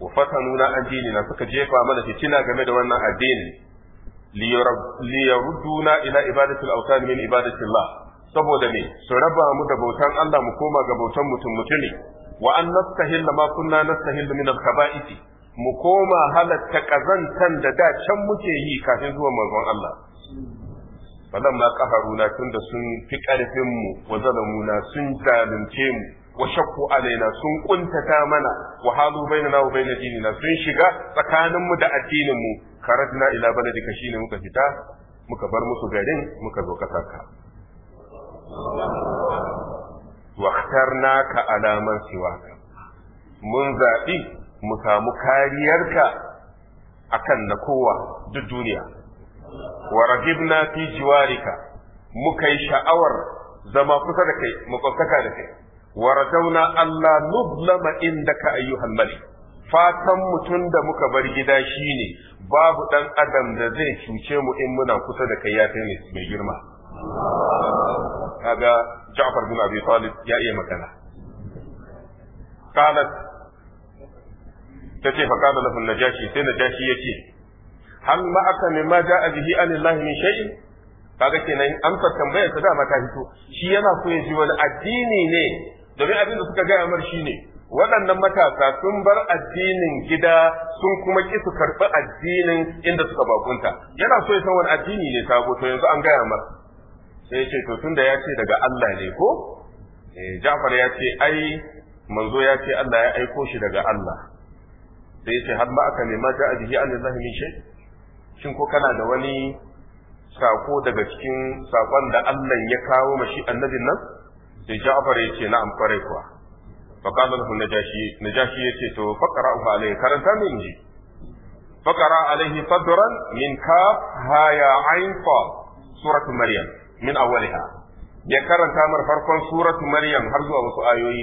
wa fatanuna na suka jefa mana fitina game da wannan addini liyaruduna ila ibadatul awtan min ibadatillah saboda ne su raba mu da bautan Allah mu koma ga bautan mutum mutumi wa an nastahil ma kunna nastahil min al-khaba'ith mu koma halatta kazantan da da can muke yi kafin zuwa manzon Allah falan ma tun da sun fi karfin mu wa zalamuna sun zalunce mu wa shakku alaina sun kuntata mana wa halu bainana wa bainal dinina sun shiga tsakanin mu da addinin mu karadna ila baladika shine muka fita muka bar musu garin muka zo kasarka wa ka ala man siwaka mun zaɓi mu samu kariyarka akan na kowa duk duniya wa ragibna fi jiwarika muka yi sha'awar zama kusa da kai mu makwabtaka da kai wa rajauna Allah nublama indaka ayyuhan malik fatan mutum da muka bar gida shi ne babu dan adam da zai cuce mu in muna kusa da kai ya kai mai girma kaga Ja'far bin Abi Talib ya iya magana قالت tace fa qala lahu najashi sai najashi yace hal ma aka ma ja'a bihi anillahi min shay'in kaga kenan amsa tambayar da dama ta hito shi yana so ya ji wani addini ne domin abin da suka gaya mar shine waɗannan matasa sun bar addinin gida sun kuma ki su karɓi addinin inda suka bakunta yana so ya san wani addini ne sako, to yanzu an gaya mar sai ya ce to tunda ya ce daga Allah ne ko eh, Ja'far ya ce ai manzo ya ce Allah ya aiko shi daga Allah sai yace har ma aka nema ta ajihi an lillahi min shay shin ko kana da wani sako daga cikin sakon da Allah ya kawo mashi annabin nan sai Ja'far yace na'am kwarai kuwa fa qala lahu najashi najashi yace to faqra'u alayhi karanta min ji faqra alayhi sadran min ka ha ya ain fa suratu maryam min awwaliha ya karanta mar farkon suratu maryam har zuwa wasu ayoyi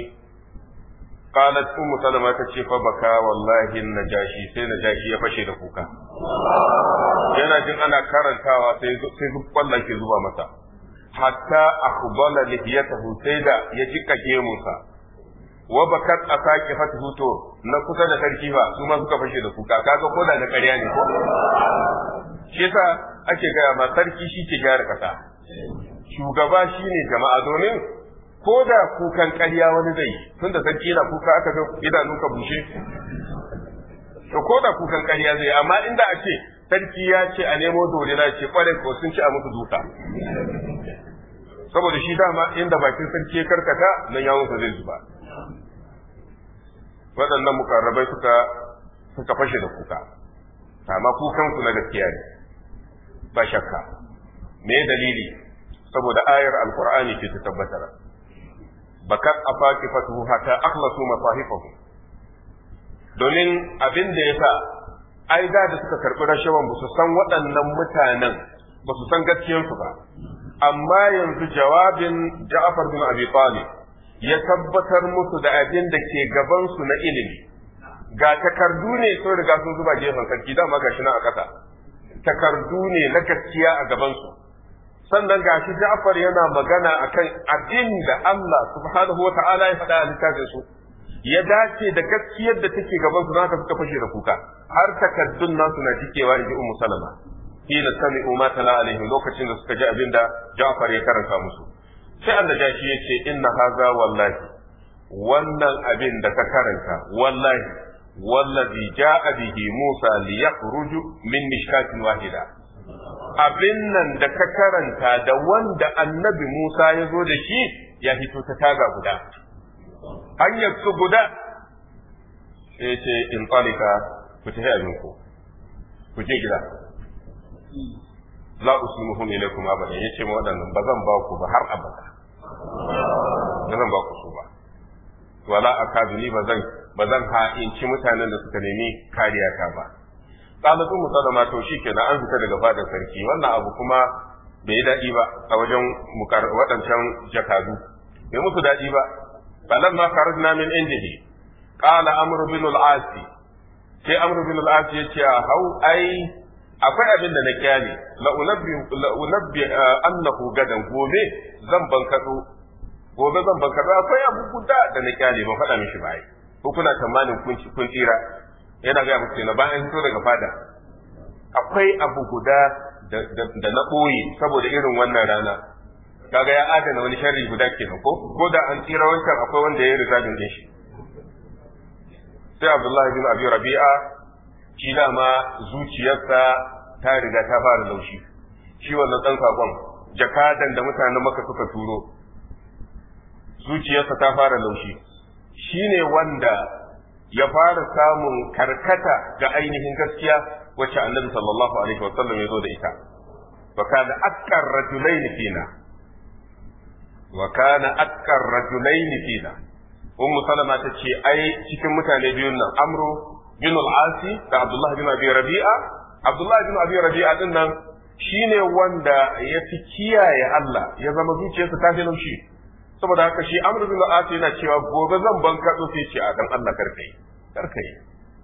qalat ummu salama ta ce fa baka wallahi najashi sai najashi ya fashe da kuka yana jin ana karantawa sai sai kwallon ke zuba masa hatta akhbala lihiyatahu sai da ya jika gemunsa wa bakat asaki fatuhu to na kusa da sarki ba su ma suka fashe da kuka kaga ko da na ƙarya ne ko shi yasa ake gaya ma sarki shi ke gyara kasa shugaba shine jama'a domin ko da kukan ƙarya wani zai tun da sarki yana kuka aka ga idanu ka bushe to ko da kukan ƙarya zai amma inda a ce sarki ya ce a nemo na ce kwarai ko sun ci a musu duka saboda shi dama inda bakin sarki ya karkata nan ya musu zai zuba waɗannan mukarrabai suka suka fashe da kuka amma kukan su na gaskiya ne ba shakka me dalili saboda ayar alqur'ani ce ta tabbatar bakat afaki fatuhu hatta akhlasu mafahifahu domin abin da yasa ai da da suka karbi rashawan ba su san waɗannan mutanen ba su san gaskiyarsu ba amma yanzu jawabin Ja'far bin Abi Talib ya tabbatar musu da abin da ke gabansu na ilimi ga takardu ne sun riga sun zuba gefen sarki dama shi na a ƙasa takardu ne na gaskiya a gabansu. sannan ga shi Ja'far yana magana akan abin da Allah subhanahu wa ta'ala ya faɗa a littafin su ya dace da gaskiyar da take gaban su naka suka fashe da kuka har takaddun nasu na jikewa ji Ummu Salama hina sami'u ma tala lokacin da suka ji abin da Ja'far ya karanta musu sai ya ce inna haza wallahi wannan abin da ka karanta wallahi wallazi ja'a bihi Musa liyakhruju min mishkatin wahida abin nan da ka karanta da wanda annabi Musa ya zo da shi ya fito ta taga guda hanyar su guda sai ce in tsalika ku tafi abin ku ku je gida la usmuhum ilaykum abadan yace ma wadannan ba zan ba ku ba har abada ba zan ba ku su ba wala akadu ni ba zan ba zan ha'inci mutanen da suka nemi kariya ta ba qalat musallama to shi kenan an fita daga fadar sarki wannan abu kuma bai yi daɗi ba a wajen waɗancan jakadu bai musu daɗi ba ma kharajna min indihi qala amru bin al asi sai amru bin al asi ya ce hau ai akwai abin da na kyale la unabbi la unabbi annahu gadan gobe zan bankado gobe zan bankado akwai abu guda da na kyale ba faɗa mishi bai ko kuna tamanin kun kun tsira yana gaya muku kenan bayan fito daga fada akwai abu guda da na ɓoye saboda irin wannan rana kaga ya adana wani sharri guda ke ko ko da an tsira wancan akwai wanda ya riga din shi sai Abdullah bin Abi Rabi'a shi ma zuciyarsa ta riga ta fara laushi shi wannan dan sakon jakadan da mutanen maka suka turo zuciyarsa ta fara laushi shine wanda ya fara samun karkata ga ainihin gaskiya wacce annabi sallallahu alaihi wasallam ya zo da ita wa kana akkar rajulaini fina wa kana akkar rajulaini fina ummu salama ta ce ai cikin mutane biyun nan amru bin al-asi da abdullahi bin abi rabi'a abdullahi bin abi rabi'a din nan shine wanda ya fi kiyaye Allah ya zama zuciyarsa ta fi laushi saboda haka shi amru bin al yana cewa gobe zan ban katso sai ce a dan Allah karkai karkai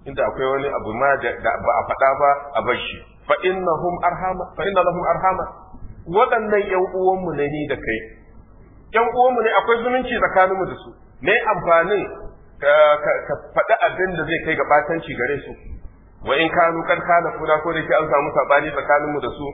inda akwai wani abu ma da ba a faɗa ba a bar shi fa innahum arhama fa inna lahum arhama waɗannan ƴan uwanmu ne ni da kai ƴan uwanmu ne akwai zumunci tsakaninmu da su me amfanin ka faɗi abin da zai kai ga batanci gare su wa in kanu kan kana kuna ko da ke an samu sabani tsakaninmu da su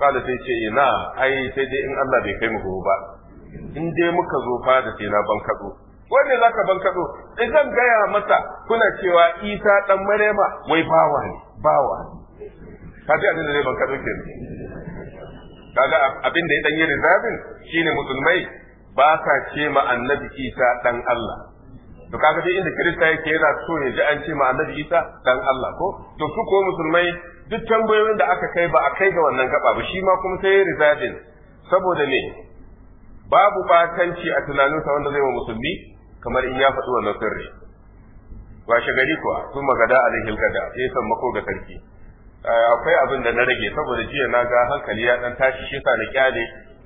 kada sai ce ina ai sai dai in Allah bai kai mu ba in dai muka zo fa da sai na bankaɗo wanne za ka bankaɗo in eh, zan gaya masa kuna cewa isa ɗan maryama wai bawa ne bawa ne ka ji abin da zai bankaɗo ke kaga abin da ya ɗan yi rizabin shine musulmai ba sa ce ma annabi isa ɗan Allah to kaga dai inda kirista yake yana so ya ji an ce ma annabi isa dan Allah ko to su ko musulmai duk tambayoyin da aka kai ba a kai ga wannan gaba ba shi ma kuma sai rizadin saboda ne babu bakanci a tunaninsa wanda zai wa musulmi kamar in ya faɗi wannan sirri washe gari kuwa sun magada a lahil gada sai mako ga sarki eh, akwai abin da na rage saboda jiya na ga hankali ya dan tashi shi sa na kyale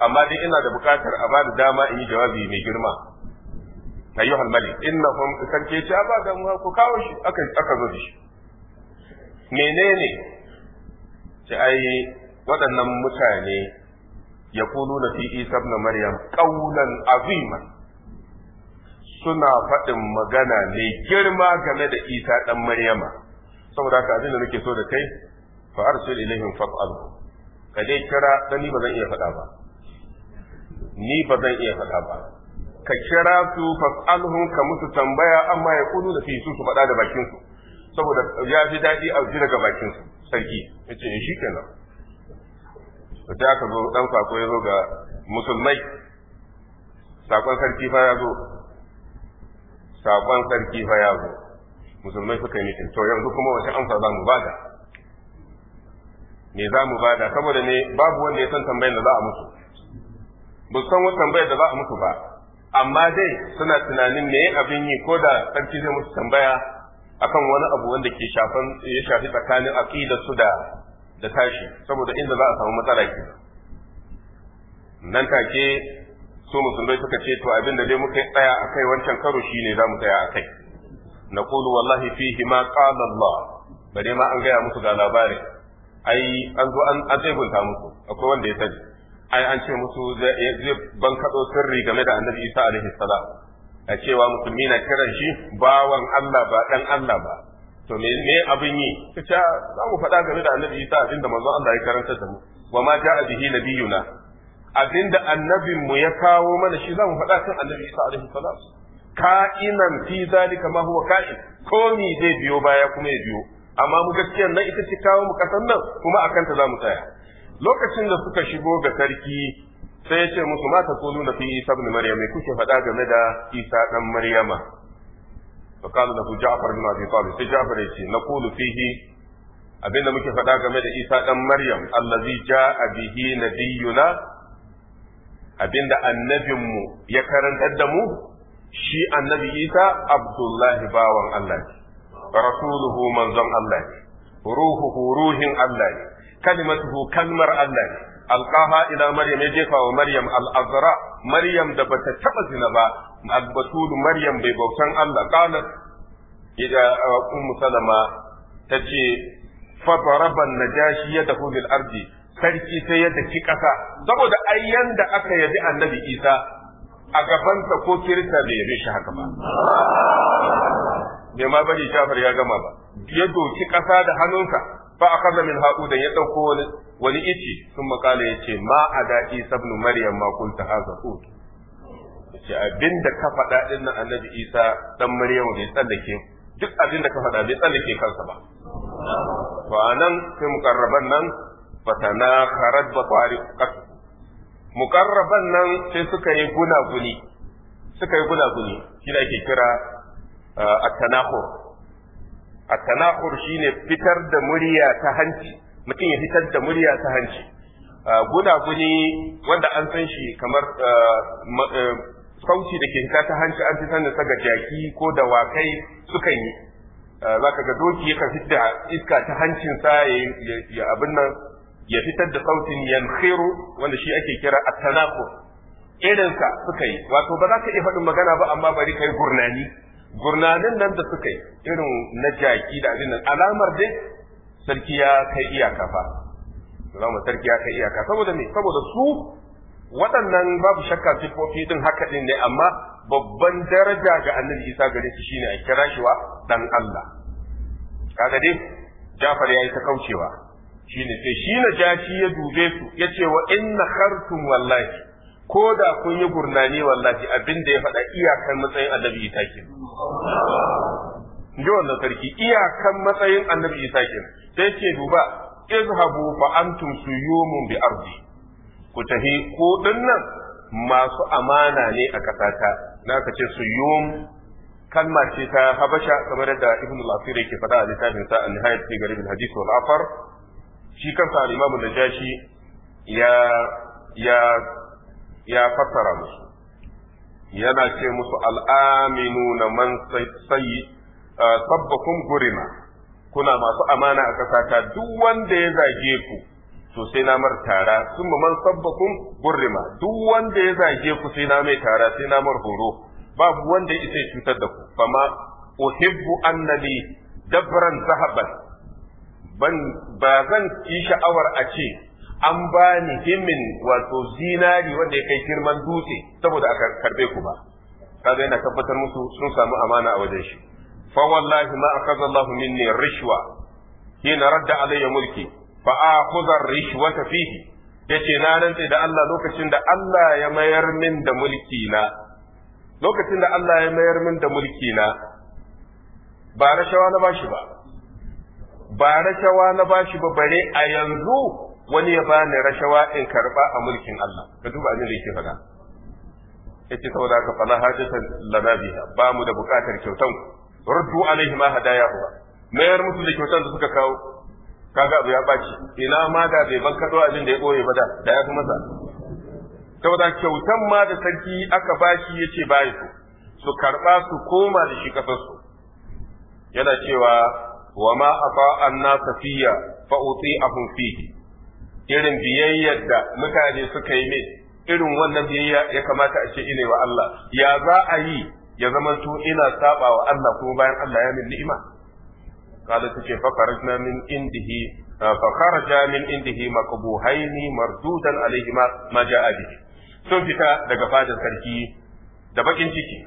amma dai ina da bukatar a ba da dama in yi jawabi mai girma ayyuhal inna hum sarki ce ba da mu ku kawo shi aka aka zo shi menene ce ai waɗannan mutane yaquluna fi isa ibn maryam qawlan azima suna faɗin magana ne girma game da isa dan maryama saboda haka abin da nake so da kai fa arsil ilaihim fa'al ka dai kira dan ni bazan iya faɗa ba ni bazan iya faɗa ba ka kira su fas'alhum ka musu tambaya amma ya kulu da su su faɗa da bakin su saboda ya fi daɗi a ji daga bakin su sarki yace shi kenan to sai aka zo dan sako ya zo ga musulmai sakon sarki fa ya zo sakon sarki fa ya zo musulmai suka yi mitin to yanzu kuma wace amsa za mu bada me za mu bada saboda ne babu wanda ya san tambayar da za a musu ba san wata tambayar da za a musu ba amma dai suna tunanin me abin yi ko da sarki zai musu tambaya akan wani abu wanda ke shafan ya shafi tsakanin aqidar su da da tashi saboda inda za a samu matsala ke nan take su musulmai suka ce to abin da dai muka tsaya a kai wancan karo shi ne za mu tsaya a kai na kulu wallahi fihi ma qala Allah bare ma an gaya musu ga labarin ai an zo an azaibunta musu akwai wanda ya sani ai an ce musu zai ban kado sirri game da annabi Isa alaihi salam a cewa musulmi na kiran shi bawan Allah ba dan Allah ba to me me abin yi kace ah, za mu faɗa game da annabi Isa da manzon Allah ya karanta da mu wa ma ja'a bihi nabiyuna abinda annabin mu ya kawo mana shi za mu faɗa kan annabi Isa alaihi salam ka'inan fi zalika ma huwa ka'in komi zai biyo baya kuma ya biyo amma mu gaskiyar nan ita ce kawo mu kasan nan kuma akan ta za mu tsaya lokacin da suka shigo ga sarki sai ya ce musu ma ta kulu na fi Isa ibn Maryam kuke faɗa game da Isa dan Maryama fa qala lahu ja'far bin abi talib sai ja'far yace abinda muke faɗa game da isa dan maryam allazi ja'a bihi nabiyuna abinda annabinmu ya karantar da mu shi annabi isa abdullahi bawan allah ne rasuluhu manzon allah ne ruhuhu ruhin allah ne kalimatuhu kalmar allah ne alqaha ila maryam ya jefa wa maryam al-azra maryam da bata taba zina ba albatul maryam bai bautan Allah qalat ida ummu salama tace fa daraba najashi yadahu bil ardi sarki ta ya daki kasa saboda ai yanda aka yabi annabi isa a gabansa ko kirista bai yabe shi haka ba bai ma bari shafar ya gama ba ya doki ƙasa da hannunsa fa akaza min da ya dauko wani wani ici sun makala yace ma a daɗi ibn maryam ma kunta hadha qut ce abinda ka faɗa ɗin nan annabi Isa ɗan Maryamu bai tsallake duk abinda ka faɗa bai tsallake kansa ba to nan sai mukarraban nan na karar ba ƙasa mukarraban nan sai suka yi gunaguni suka yi gunaguni shi da ake kira eh, at-tanahur at-tanahur shine fitar da murya ta hanci mutum ya fitar da murya ta hanci eh, gunaguni wanda an san shi kamar eh, sauci da ke hita ta hanci an fi sanda sa ga jaki ko da wakai sukan yi eh, za ka ga doki yakan fita iska ta hancinsa ya abin nan ya fitar da sautin yankhiru wanda shi ake kira at-tanaqur irinsa suka yi wato ba za ka iya faɗin magana ba amma bari kai gurnani gurnanin nan da suka yi irin na jaki da abin nan alamar dai sarki ya kai iyaka fa zama sarki ya kai iyaka saboda me saboda su waɗannan babu shakka sifofi din haka din ne amma babban daraja ga annabi isa gare shi shine a kira shi wa dan Allah kaga dai Jafar yayi ta kaucewa shine sai shi na jashi ya dube su yace wa inna khartum wallahi ko da kun yi gurnani wallahi abin da ya faɗa iyakar matsayin annabi isa ke ji wannan sarki iyakan matsayin annabi isa ke sai ce duba izhabu fa antum suyumun bi ardi ku tahi ku dinnan masu amana ne a ƙasata na ka ce su yom kalma ce ta habasha kamar da ibn al asiri ke faɗa a littafin sa al nihayat fi garib al-hadith wal afar shi kansa al-imam an-najashi ya ya ya fassara musu yana ce musu al-aminuna man sayyi uh, sabbakum gurima kuna masu amana a ƙasata duk wanda ya zage ku to sai na mar tara sun man sabbakun burrima duk wanda ya zage ku sai na mai tara sai na mar horo babu wanda ya isa cutar da ku fama uhibbu annabi dabran zahaban ban ba zan yi sha'awar a ce an bani himmin wato zinari wanda ya kai girman dutse saboda aka karbe ku ba kaga yana tabbatar musu sun samu amana a wajen shi fa wallahi ma akhadha Allahu minni rishwa hina radda alayya mulki fa akhudha ar-rishwata fihi yace na sai da Allah lokacin da Allah ya mayar min da mulki na lokacin da Allah ya mayar min da mulki na ba rashawa na bashi ba ba rashawa na bashi ba bare a yanzu wani ya bani rashawa in karba a mulkin Allah ka duba abin da yake faɗa yace saboda ka fala hajatan lana biha ba mu da bukatar kyautan ruddu alaihi ma hadaya mayar musu da kyautan da suka kawo kaga abu ya baci ina ma da bai ban kado abin da ya boye ba da da ya fi masa saboda kyautan ma da sarki aka bashi yace bai su su karba su koma da shi kasar su yana cewa wa ma afa annasa safiya fa uti'ahum fi, irin biyayyar da mutane suka yi min irin wannan biyayya ya kamata a ce ine wa Allah ya za a yi ya zamanto ina saba wa Allah kuma bayan Allah ya min ni'ima قالت تجي فخرجنا من عنده فخرج من عنده مقبوهين مردودا ma ja a به sun fita daga fadar sarki da bakin ciki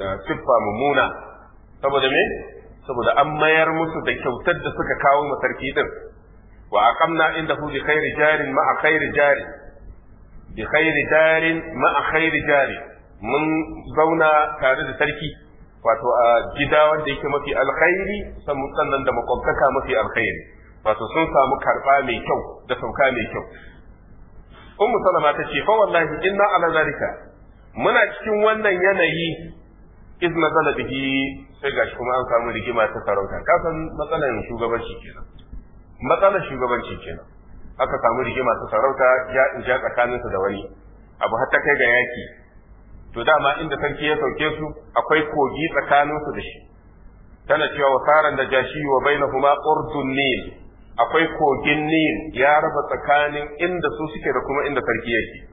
da siffa mummuna saboda me saboda an mayar musu da kyautar da suka kawo ma sarki din wa aqamna indahu bi khairi jarin ma khairi jari bi khairi jarin ma khairi jari mun zauna tare da sarki wato a gida wanda yake mafi alkhairi sannan da makwabtaka mafi alkhairi wato sun samu karba mai kyau da sauka mai kyau ummu salama ta ce fa wallahi inna ala zalika muna cikin wannan yanayi iz nazala bihi sai gashi kuma an samu rigima ta sarauta ka san matsalar shugabanci kenan matsalar shugabanci kenan aka samu rigima ta sarauta ya in ja tsakaninsa da wani abu har ta kai ga yaki to dama inda sarki ya sauke su akwai kogi tsakanin su da shi tana cewa wasaran da jashi wa bainahuma urdun nil akwai kogin nil ya raba tsakanin inda su suke da kuma inda sarki yake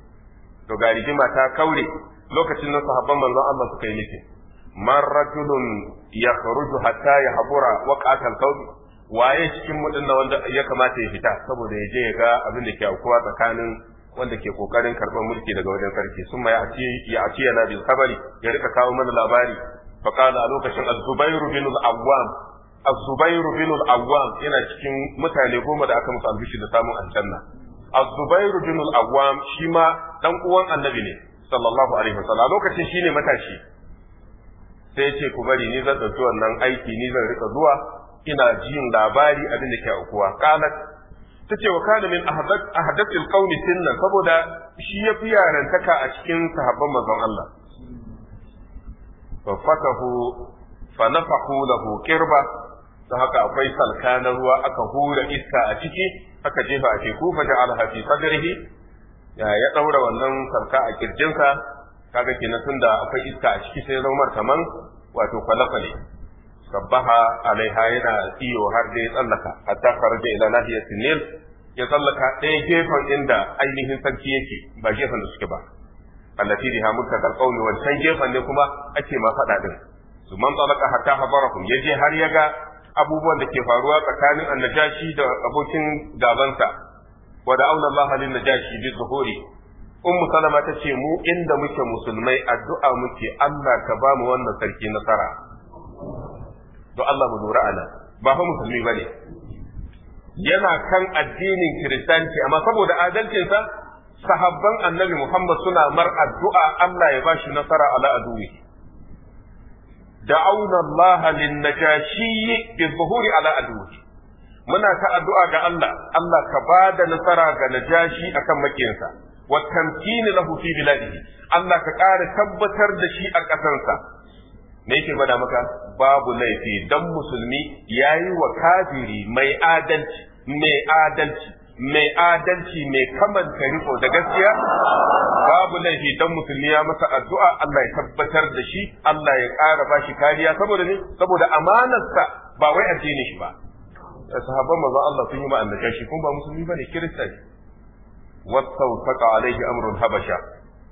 to ga rigima ta kaure lokacin nan sahabban manzo Allah suka yi miki man rajulun yakhruju hatta yahbura qatal qawmi waye cikin mu da wanda ya kamata ya fita saboda ya je ya ga abin da ke aukuwa tsakanin wanda ke kokarin karɓar mulki daga wajen sarki sun ma ya atiya na bil khabari ya rika kawo mana labari fa kana a lokacin az-zubair bin al-awwam az-zubair bin al-awwam yana cikin mutane goma da aka musu albishi da samun aljanna az-zubair bin al-awwam shi ma dan uwan annabi ne sallallahu alaihi wasallam lokacin shine matashi sai ce ku bari ni zan ɗauki wannan aiki ni zan rika zuwa ina jin labari abin da ke aukuwa kana Tace ce wa kana min ahadathil qawli sinna saboda shi ya fi yarantaka a cikin sahabban manzon Allah fa fatahu fa nafahu lahu kirba ta haka akwai salka na ruwa aka hura iska a ciki aka jefa a teku fa da fi sadrihi ya ya daura wannan salka a kirjinsa kaga kenan tunda akwai iska a ciki sai zaumar kaman wato kwale-kwale sabbaha alaiha yana iyo har da ya tsallaka hatta kharaja ila nahiyat nil ya tsallaka ɗaya gefen inda ainihin sarki yake ba gefen da suke ba allati biha mutakal qawli wancan gefen ne kuma ake ma faɗa din su man tsallaka hatta habarahum yaje har ya ga abubuwan da ke faruwa tsakanin annajashi da abokin gabansa wa da auna Allah halin najashi bi zuhuri ummu salama tace mu inda muke musulmai addu'a muke Allah ka ba mu wannan sarki nasara to Allah mu lura ana ba fa musulmi bane yana kan addinin kiristanci amma saboda adalcinsa sahabban annabi Muhammad suna mar addu'a Allah ya bashi nasara ala aduwi da'awna Allah lin najashi bi zuhuri ala aduwi muna ta addu'a ga Allah Allah ka bada nasara ga najashi akan makiyansa wa tamkini lahu fi biladihi Allah ka ƙara tabbatar da shi a ƙasarsa me yake faɗa maka babu laifi dan musulmi ya yi wa kafiri mai adalci mai adalci mai adalci mai kamanta riko da gaskiya babu laifi dan musulmi ya masa addu'a Allah ya tabbatar da shi Allah ya ƙara bashi kariya saboda ne saboda amanarsa ba wai addini shi ba sahabban manzon Allah sun yi ma'annaka shi kun ba musulmi bane kirista ne wasautaqa alaihi amrul habasha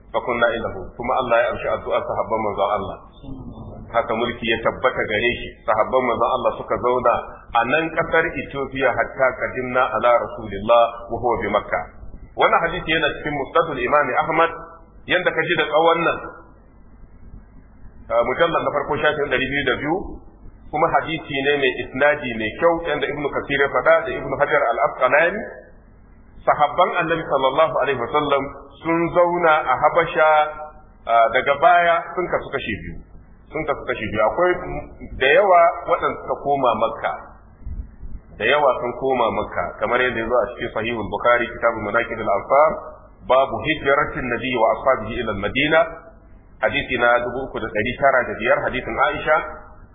fa kunna ilahu kuma Allah ya amshi addu'a sahabban manzon Allah haka mulki ya tabbata gare shi sahabban manzon Allah suka zauna a nan kasar Ethiopia hatta kadinna ala rasulillah wa huwa bi makka wannan hadisi yana cikin mustadul imam Ahmad yanda ka ji da tsawon nan ah, mujallal na farko shafin 202 kuma hadisi ne mai isnadi mai kyau yanda ibnu kasir ya faɗa da ibnu hajar al-asqalani sahabban annabi sallallahu alaihi wasallam sun zauna a habasha ah, daga baya sun kasu kashe biyu sun kasu kashi biyu akwai da yawa waɗanda suka koma makka da yawa sun koma makka kamar yadda ya zo a cikin sahihul bukhari kitabul manaqib al ansar babu hijratin nabi wa ashabihi ila madina hadisi na 3905 hadisin aisha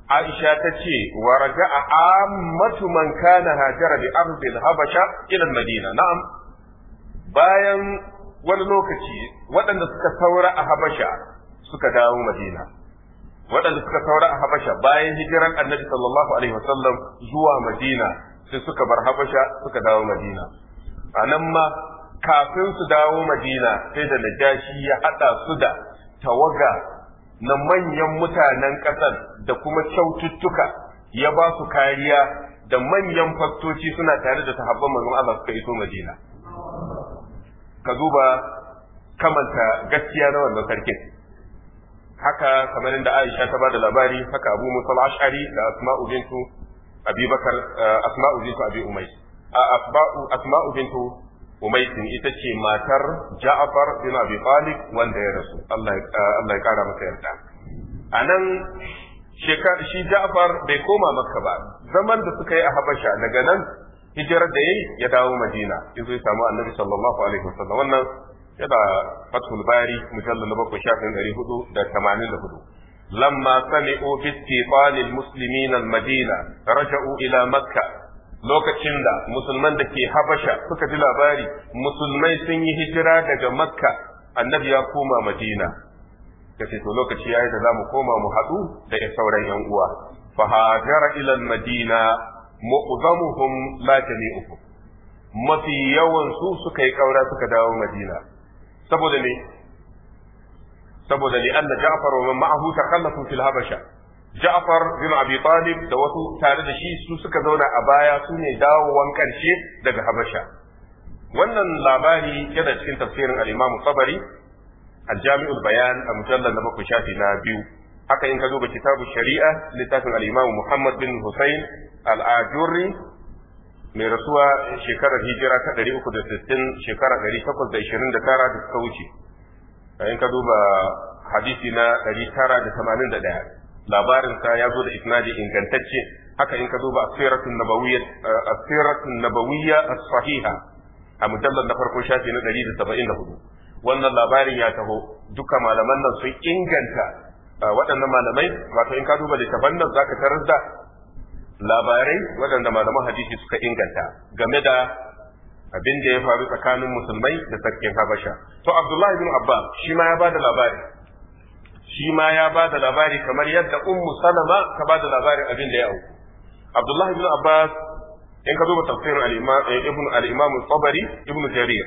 aisha ta ce wa raja'a ammatu man kana hajara bi ardil habasha ila madina na'am bayan wani lokaci waɗanda suka saura a habasha suka dawo madina waɗanda suka saura a habasha bayan hijiran annabi sallallahu alaihi wasallam zuwa madina sai suka bar habasha suka dawo madina a nan ma kafin su dawo madina sai da najashi ya haɗa su da tawaga na manyan mutanen ƙasar da kuma kyaututtuka ya ba su kariya da manyan fastoci suna tare da sahabban manzon Allah suka iso madina ka duba kamanta gaskiya na wannan sarkin haka kamar inda Aisha ta bada labari haka Abu Musa al-Ash'ari da Asma'u bintu Abi Bakar eh, Asma'u bintu Abi Umays Asma'u Asma'u bintu Umays ita ce matar Ja'far bin Abi Talib wanda ya rasu Allah eh, Allah ya kara masa yarda anan shi Ja'far bai koma Makka ba zaman da suka yi a Habasha daga nan hijirar da yayi ya dawo Madina yazo ya samu Annabi sallallahu alaihi wasallam wannan yana fathul bari mujallal na bakwai shafin ɗari hudu da tamanin da hudu lamma sami'u bi istiqalil muslimin al madina raja'u ila makka lokacin da musulman da ke habasha suka ji labari musulmai sun yi hijira daga makka annabi ya koma madina kace to lokaci yayi da zamu koma mu haɗu da sauran yan uwa fa hajara ila al madina mu'zamuhum la mafi yawan su suka yi suka dawo madina saboda me saboda li anna ja'far wa man ma'ahu takallafu fil habasha ja'far bin abi da wasu tare da shi su suka zauna a baya su ne dawowan karshe daga habasha wannan labari yana da tafsirin al-imam sabari al-jami'ul bayan a mujallar na bakwai shafi na biyu haka in ka zo ga kitabu shari'a littafin al-imam muhammad bin husayn al-ajurri mai rasuwa shekarar hijira ta 360 shekara 829 da da tara suka wuce in ka duba hadisi na 981 labarinsa ya zo da isnadi ingantacce haka in ka duba asiratun nabawiyya eh, asiratun nabawiyya as-sahiha a mujallar na farko shafi na 174 wannan labarin ya taho duka malaman nan sun inganta eh, waɗannan malamai wato in ka duba littafan nan zaka tarar da labarai waɗanda malaman hadisi suka inganta game da abin da ya faru tsakanin musulmai da sarkin habasha to abdullahi bin abbas shi ma ya ba da labari shi ma ya ba da labari kamar yadda ummu salama ta ba da labarin abin da ya auku abdullahi bin abbas in ka duba tafsirin eh, ibn al-imam al-tabari ibn jarir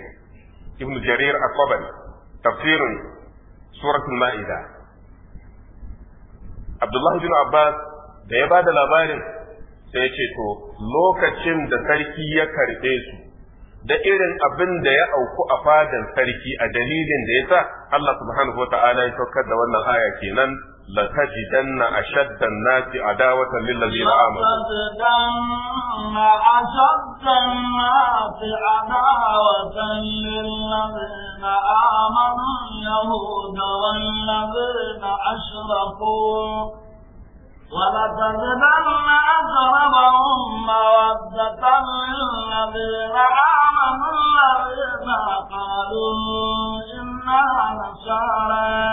ibn jarir al-tabari tafsirin suratul ma'ida abdullahi bin abbas da ya ba da labarin sai ce to lokacin da sarki ya karɓe su da irin abin da ya auku a fadan sarki a dalilin da ya sa Allah subhanahu wata'ala ya saukar da wannan aya kenan la tajidanna ashadda an-nasi adawatan lil ladina amanu tajidanna ashadda an-nasi adawatan lil ladina amanu yahuda wal ladina ashraku ولتجدن أقربهم مودة للذين آمنوا الذين قالوا إنا نصارى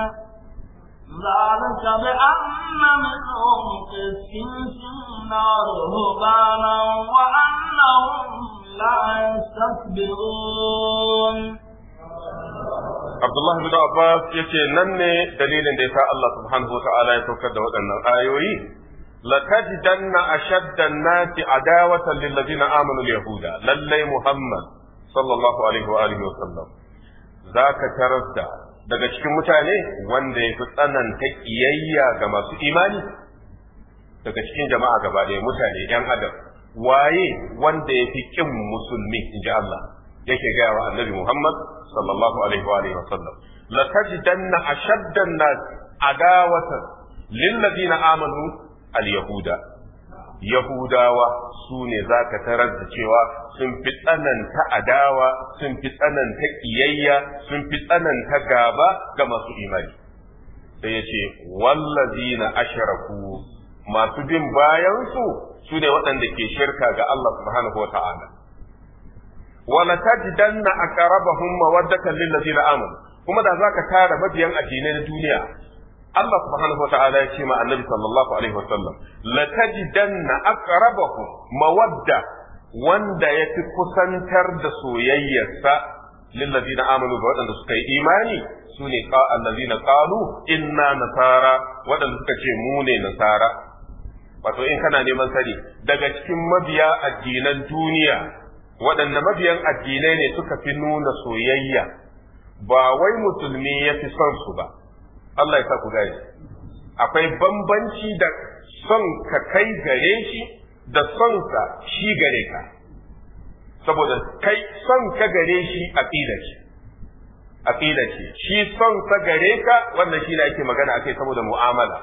ذلك بأن منهم قسيسين ورهبانا وأنهم لا يستكبرون Abdullahi bin Abbas ce nan ne dalilin da ya sa Allah subhanahu wata'ala ya saukar da waɗannan ayoyi latajidanna ashadda an-nasi adawatan lil amanu yahuda lallai Muhammad sallallahu alaihi wa alihi wa sallam zaka tarasta daga cikin mutane wanda yafi tsananta kiyayya ga masu imani daga cikin jama'a gaba ɗaya mutane 'yan adam waye wanda yafi ƙin musulmi inji Allah yake gaya wa annabi Muhammad sallallahu alaihi wa alihi sallam la tajidanna an nas adawatan lil ladina amanu al yahuda yahudawa sune zaka tarar cewa sun fi tsananta adawa sun fi tsananta kiyayya sun fi tsananta gaba ga masu imani sai ya ce wallazina asharaku masu bin bayansu su ne waɗanda ke shirka ga Allah subhanahu wa ta'ala wala tajidanna aqrabahum mawaddatan lil ladina amanu kuma da zaka tara mabiyan addinai na duniya Allah subhanahu wa ta'ala ya ce ma annabi sallallahu alaihi wa sallam la tajidanna aqrabahum mawadda wanda ya fi kusantar da soyayyarsa lil ladina amanu ga waɗanda suka yi imani su ne allazina qalu inna nasara waɗanda suka ce mu ne nasara wato in kana neman sani daga cikin mabiya addinan duniya waɗanda mabiyan addinai ne suka fi nuna soyayya ba wai musulmi ya fi son su ba Allah ya sa ku gane akwai bambanci da son ka kai gare shi da son ka shi gare ka saboda kai son ka gare shi aqida ce A ce shi son ka gare ka wannan shi ne ake magana akai saboda mu'amala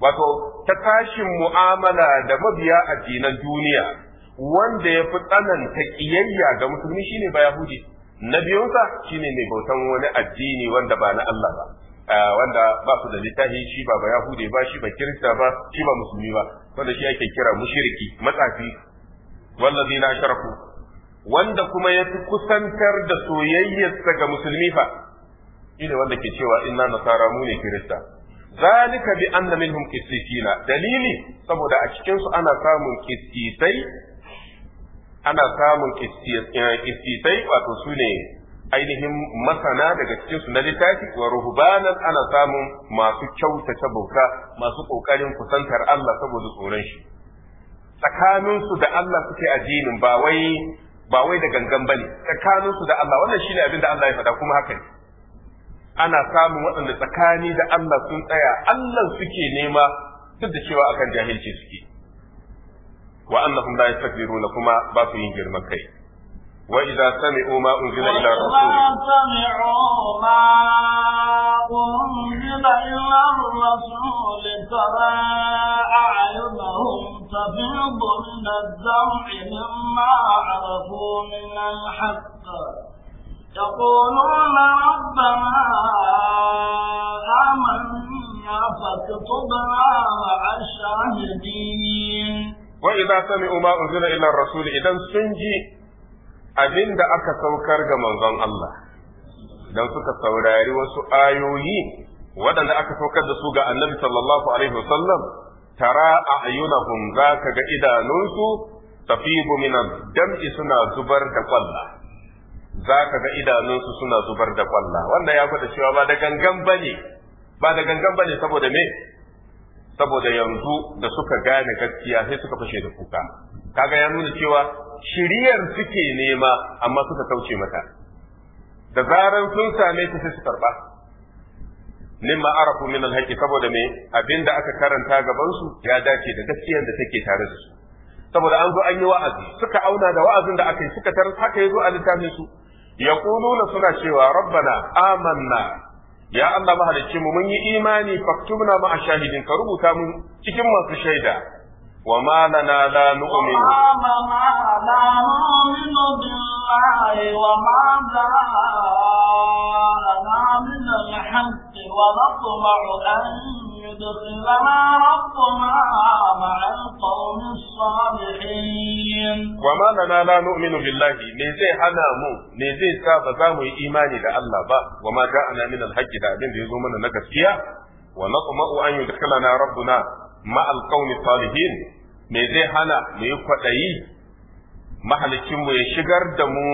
wato ta tashin mu'amala da mabiya addinan duniya wanda ya fi tsananta kiyayya ga musulmi shine ba yahudi na biyunsa shine mai bautan wani addini wanda ba na Allah ba ah, wanda ba su da littafi shi ba ba yahudi ba shi ba kirista ba shi ba musulmi ba wanda shi ake kira mushriki matsafi na sharku wanda kuma ya fi kusantar da soyayyarsa ga musulmi fa shine wanda ke cewa inna nasara mu ne kirista zalika bi anna minhum qissisina dalili saboda a cikin su ana samun qissisai ana samun istitai wato su ne ainihin masana daga cikinsu na littafi wa Bana ana samun masu kyautata bauta masu kokarin kusantar Allah saboda tsoron shi tsakanin da Allah suke addinin ba wai ba wai da gangan bane tsakanin su da Allah wannan shine abin da Allah ya faɗa kuma haka ne ana samun waɗanda tsakani da Allah sun tsaya Allah suke nema duk da cewa akan jahilci suke وأنهم لا يستكبرون كما باسين جرم كي وإذا سمعوا ما أنزل إلى الرسول وإذا سمعوا ما أنزل إلى الرسول ترى أعينهم تفيض من الدمع مما عرفوا من الحق يقولون ربنا آمنا فاكتبنا مع الشاهدين wa idza sami'u ma unzila ila rasul idan sun ji abinda aka saukar ga manzon Allah idan suka saurari wasu ayoyi waɗanda aka saukar da su ga annabi sallallahu alaihi wasallam tara za ka ga idanunsu tafibu min dami suna zubar da kwalla ka ga idanunsu suna zubar da kwalla wanda ya gwada cewa ba da gangan bane ba da gangan bane saboda me saboda yanzu da suka gane gaskiya sai suka fashe da kuka kaga ya nuna cewa shiriyar suke nema amma suka kauce mata da zaran sun same ta sai su karba limma arafu min alhaqi saboda me abinda aka karanta gaban su ya dace da gaskiyar da take tare da su saboda an zo an yi wa'azi suka auna da wa'azin da aka yi suka tarar haka yazo a littafin su yaquluna suna cewa rabbana amanna يا الله ما هذا كم من إيماني فاكتبنا مع شاهدين كربو تامن كم من شهيدا وما لنا لا نؤمن وما لنا لا نؤمن بالله وما جاءنا من الحمد ونطمع أن ليدخلنا ربنا مع القوم الصالحين وما لنا لا نؤمن بالله me zai hana mu me zai sa ba za mu yi imani da Allah ba wa ma ja'ana min alhaji da abin da yazo mana na gaskiya wa natma'u an na rabbuna ma al-qawmi salihin me zai hana mu yi kwadayi mahalicin mu ya shigar da mu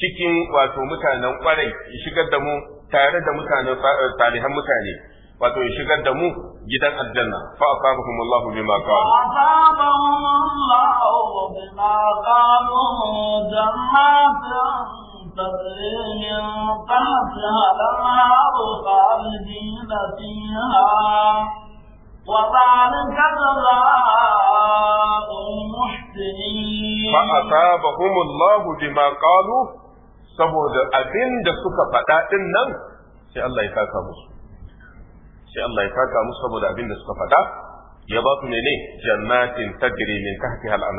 cikin wato mutanen kwarai ya shigar da mu tare da mutanen salihan mutane wato ya shigar da mu gidan aljanna fa asabahum Allah bima qalu asabahum Allah bima qalu jannatan تجري من تحتها الأنهار saboda abin da suka faɗa din nan sai Allah ya saka musu sai Allah ya saka musu saboda abin da suka faɗa ya ba su ne jannatin tajri min tahtiha al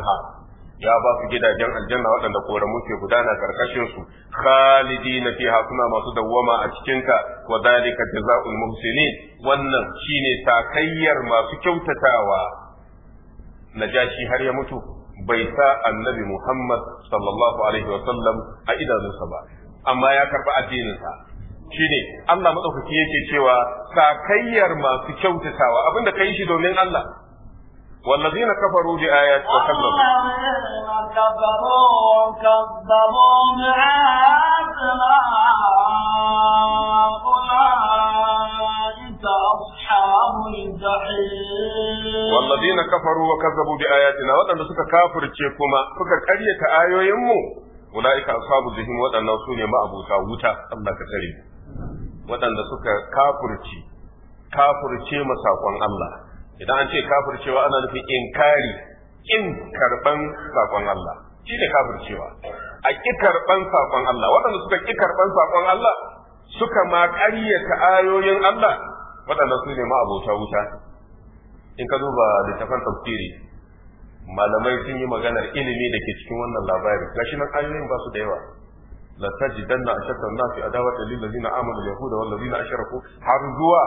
ya ba su gidajen aljanna waɗanda koramu ke gudana karkashin su khalidina fiha suna masu dawwama a cikin ta wa zalika jazaa'ul muhsinin wannan shine takayyar masu kyautatawa najashi har ya mutu bai sa annabi Muhammad sallallahu alaihi wa sallam a idanunsa ba amma ya karba addininsa shine Allah madaukaki yake cewa sakayyar masu kyautatawa abinda kai shi domin Allah والذين كفروا بآيات وكذبوا والذين كفروا كذبوا بآياتنا أولئك أصحاب الجحيم والذين كفروا وكذبوا بآياتنا وأن سك كافر تشيكما فكر أريك آيو يمو أولئك أصحاب الجحيم وأن سوني ما أبو تاوتا الله كتريم waɗanda suka kafurci kafurce ma saƙon Allah idan an ce kafurcewa ana nufin inkari in karban saƙon Allah shi ne kafurcewa a ki karban saƙon Allah waɗanda suka ki karban saƙon Allah suka ma ƙaryata ayoyin Allah waɗanda su ne ma abota wuta in ka duba tafan tafsiri malamai sun yi maganar ilimi da ke cikin wannan labari gashi nan ayoyin ba su da yawa la tajidanna ashadda a nasi adawatan lil ladina amanu yahuda wal ladina ashraku har zuwa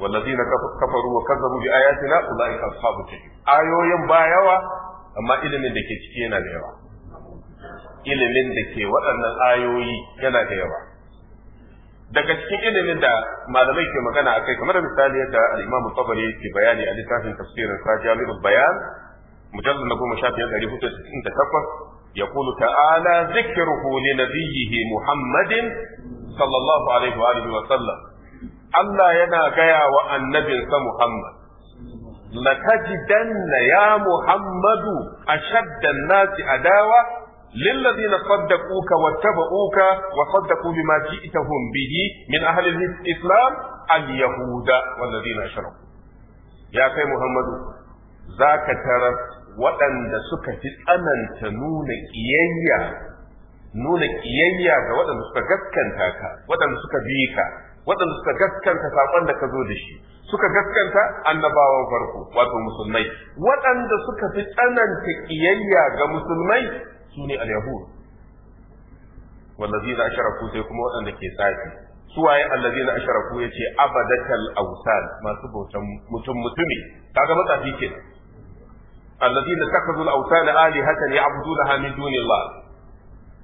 wal ladina kafaru wa kazzabu bi ayatina ulaika ashabu jahim ayoyin ba yawa amma ilimin da ke ciki yana da yawa ilimin da ke waɗannan ayoyi yana da yawa daga cikin ilimin da malamai ke magana a kai kamar misali yadda al-imam tabari ke bayani a littafin tafsirin sa jami'ul bayan mujallal na goma sha biyar ɗari hudu da takwas يقول تعالى ذكره لنبيه محمد صلى الله عليه وآله وسلم الله ينا قيا والنبي محمد لتجدن يا محمد أشد الناس عداوة للذين صدقوك واتبعوك وصدقوا بما جئتهم به من أهل الإسلام اليهود والذين أشركوا يا سيد محمد ذاك ترى waɗanda suka fi tsananta nuna ƙiyayya nuna ƙiyayya ga waɗanda suka gaskanta ka waɗanda suka bi ka waɗanda suka gaskanta saƙon da ka zo da shi suka gaskanta annabawan farko wato musulmai waɗanda suka fi tsananta ƙiyayya ga musulmai su ne al-yahud wallazina asharaku sai kuma waɗanda ke tsafi suwaye allazina asharaku yace abadatal awsan masu bautan mutum mutumi kaga matsafi kenan alladhina takazu al-awtana alihatan ya'budunaha min dunillah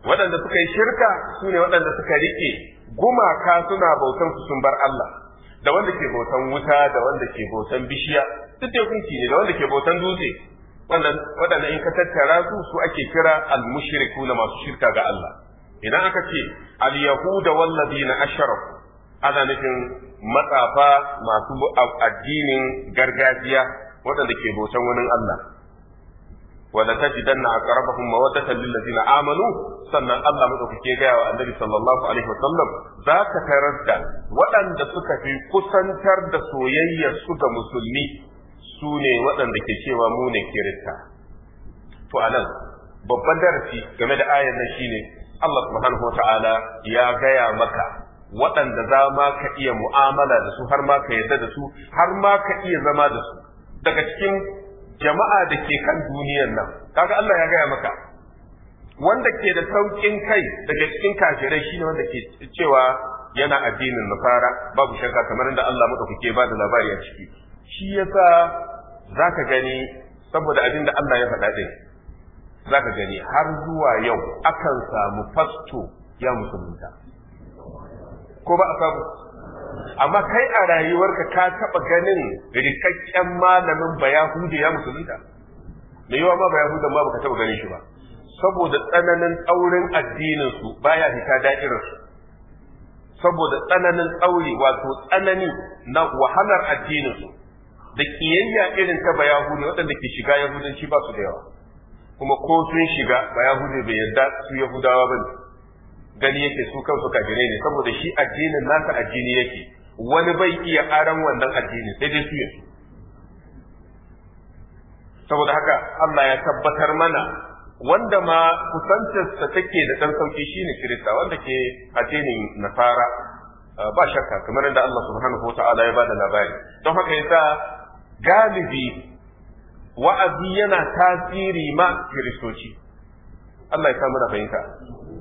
waɗanda suka yi shirka su ne waɗanda suka riƙe gumaka suna bautan su sun bar Allah da wanda ke bautan wuta da wanda ke bautan bishiya duk dai kunci ne da wanda ke bautan dutse waɗanda in ka tattara su su ake kira al na masu shirka ga Allah idan aka ce al-yahuda walladina asharaku ana nufin matsafa masu addinin gargajiya waɗanda ke bautan wani Allah wala tajidanna aqrabahum mawaddatan lil ladina amanu sannan Allah madaukake gaya wa annabi sallallahu alaihi wasallam za ka tarar da waɗanda suka fi kusantar da soyayyar su ga musulmi su ne waɗanda ke cewa mu ne kirista to anan babban darasi game da ayar nan shine Allah subhanahu wataala ya gaya maka waɗanda za ma ka iya mu'amala da su har ma ka yarda da su har ma ka iya zama da su daga cikin jama'a da ke kan duniyar nan kaga Allah ya gaya maka wanda ke da saukin kai daga cikin kafirai shine wanda ke cewa yana addinin fara babu shakka kamar da Allah kuke ba da labari a ciki shi yasa zaka gani saboda abin da Allah ya faɗa za zaka gani har zuwa yau akan samu fasto ya musulunta ko ba a samu amma kai a rayuwarka ka taɓa ganin rikakken malamin bayahuda ya musulunta da yawa ma bayahuda ma baka taɓa ganin shi ba saboda tsananin tsaurin addininsu baya fita da'irarsu. saboda tsananin tsauri wato tsanani na wahalar addininsu da kiyayya irin ta bayahudi waɗanda ke shiga yahudanci ba su da yawa kuma ko sun shiga bayahudi bai yarda su yahudawa ba ne gani yake su kansu kafirai ne saboda shi addinin nasa addini yake wani bai iya aran wannan addini sai dai su saboda haka Allah ya tabbatar mana wanda ma kusantarsa take da ɗan sauki shine Kirista wanda ke addinin Nasara ah, ba shakka kamar yadda Allah subhanahu wa ta'ala ya bada labari don haka yasa galibi wa'azi yana tasiri ma kiristoci Allah ya samu da fahimta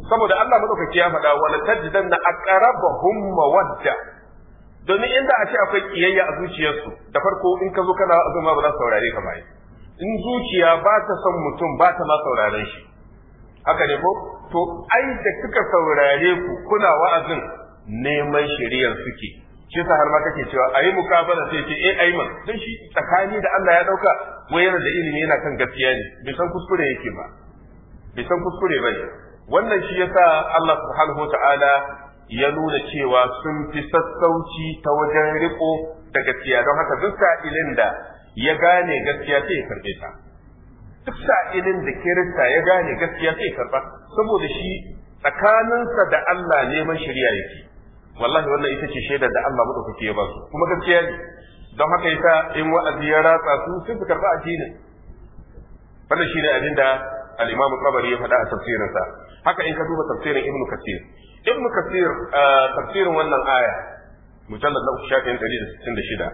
saboda Allah madaukaki ya faɗa wala tajidanna aqrabahum mawadda domin inda a ce akwai kiyayya a zuciyarsu da farko in ka zo kana ma ba za saurare ka ba in zuciya ba ta son mutum ba ta ma sauraren shi haka ne ko to ai da suka saurare ku kuna wa'azin neman shari'ar suke shi sa har ma kake cewa ayi mukabala sai ce eh ayi man dan shi tsakani da Allah ya dauka wayar da ilimi yana kan gaskiya ne bai san kuskure yake ba bai san kuskure bane wannan shi yasa Allah subhanahu wata'ala ya nuna cewa sun fi sassauci ta wajen riko da gaskiya don haka duk sa'ilin da ya gane gaskiya sai ya karbe ta duk sa'ilin da kirista ya gane gaskiya sai ya karba saboda shi tsakaninsa da Allah neman shari'a yake wallahi wannan ita ce shaidar da Allah madaukaki ya ba su kuma gaskiya ne don haka yasa in wa'azi ya ratsa su sun fi karba addinin wannan shi abin da al-Imam Tabari ya faɗa a tafsirinsa haka in ka duba tafsirin ibnu kasir ibnu kasir eh, tafsirin wannan aya mujallad na uku shafin ɗari da sittin da shida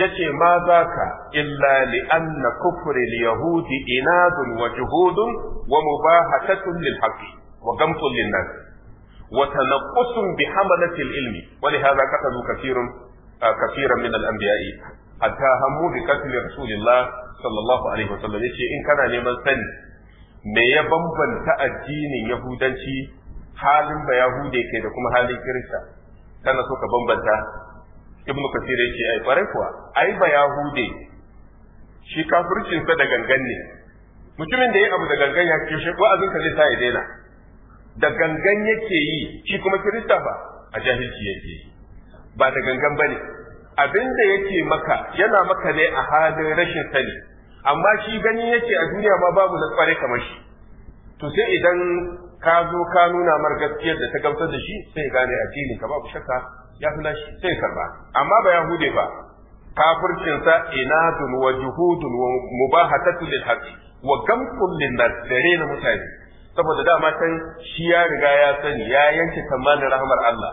yace ma za ka illa li anna kufri al yahudi inadun wa juhudun wa mubahatatun lil haqqi wa gamtun lin nas wa tanaqqusun bi hamalati al ilmi wa li hadha qatalu kathirun eh, kathiran min al anbiya'i hatta hammu bi qatl rasulillah sallallahu alaihi wa wasallam yace in kana neman sani me ya bambanta addinin yahudanci halin ba yahude ke da kuma halin kirista kana so ka bambanta ibnu kasir yace ai kwarai kuwa ai ba yahude shi kafircin sa da gangan ne mutumin da ya abu da gangan ya ce shi wa'azin ka zai sa ya daina da gangan yake yi shi kuma kirista ba a jahilci yake ba da gangan bane abin da yake maka yana maka ne a halin rashin sani amma shi gani yake a duniya ma babu na kware kamar shi to sai idan ka zo ka nuna mar gaskiyar da ta gamsar da shi sai gane addini ka babu shakka ya fi shi sai karba amma ba yahude ba kafircinsa dun wa juhudun wa mubahatatu lil haqi wa gamqul lin nas na mutane saboda dama can shi ya riga ya sani ya yanke tsammanin rahmar Allah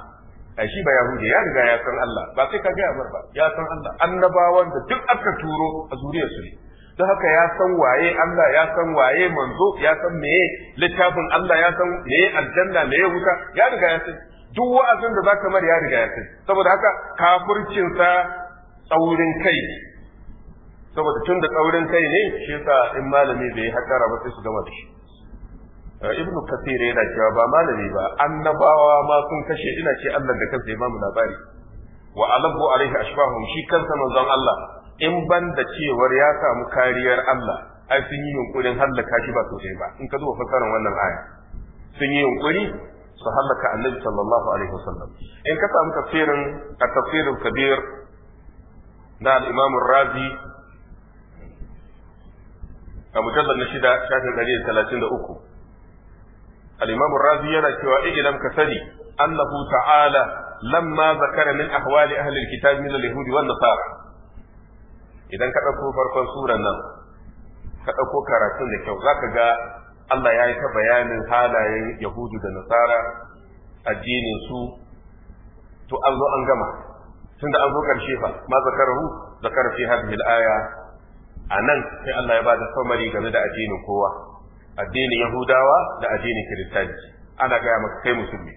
A shi ba yahude ya riga ya san Allah ba sai ka ga ba ya san Allah annabawan da duk aka turo a su ne don haka ya san waye Allah ya san waye manzo ya san meye littafin Allah ya san meye aljanna meye wuta ya riga ya san duk wa'azin da zaka mar ya riga ya san saboda haka kafircin sa tsaurin kai saboda tun da tsaurin kai ne shi yasa in malami bai hakara ba sai su gama da shi eh, ibnu kathir yana cewa ba malami ba annabawa ma sun kashe ina ce Allah da kansa imamu labari wa alabu alaihi ashbahum shi kansa manzon Allah in ban da cewar ya samu kariyar Allah ai sun yi yunkurin hallaka shi ba sosai ba in ka zo fassarar wannan aya sun yi yunkuri su hallaka annabi sallallahu alaihi wasallam in ka samu tafsirin a tafsirin kabir na al-imam razi a mujallar na shida shafin ɗari da talatin da uku al-imam razi yana cewa idan ka sani annahu ta'ala lamma zakara min ahwali ahli al-kitab min al-yahudi wan nasara idan ka ɗauko farkon suran nan ka ɗauko karatun da kyau zaka ga Allah ya yi ta bayanin halayen Yahudu da Nasara addinin su to an zo an gama tunda an zo karshe fa ma zakarahu zakar fi hadhihi al-aya anan sai Allah ya bada samari game da addinin kowa addinin Yahudawa da addinin Kiristanci ana gaya maka kai musulmi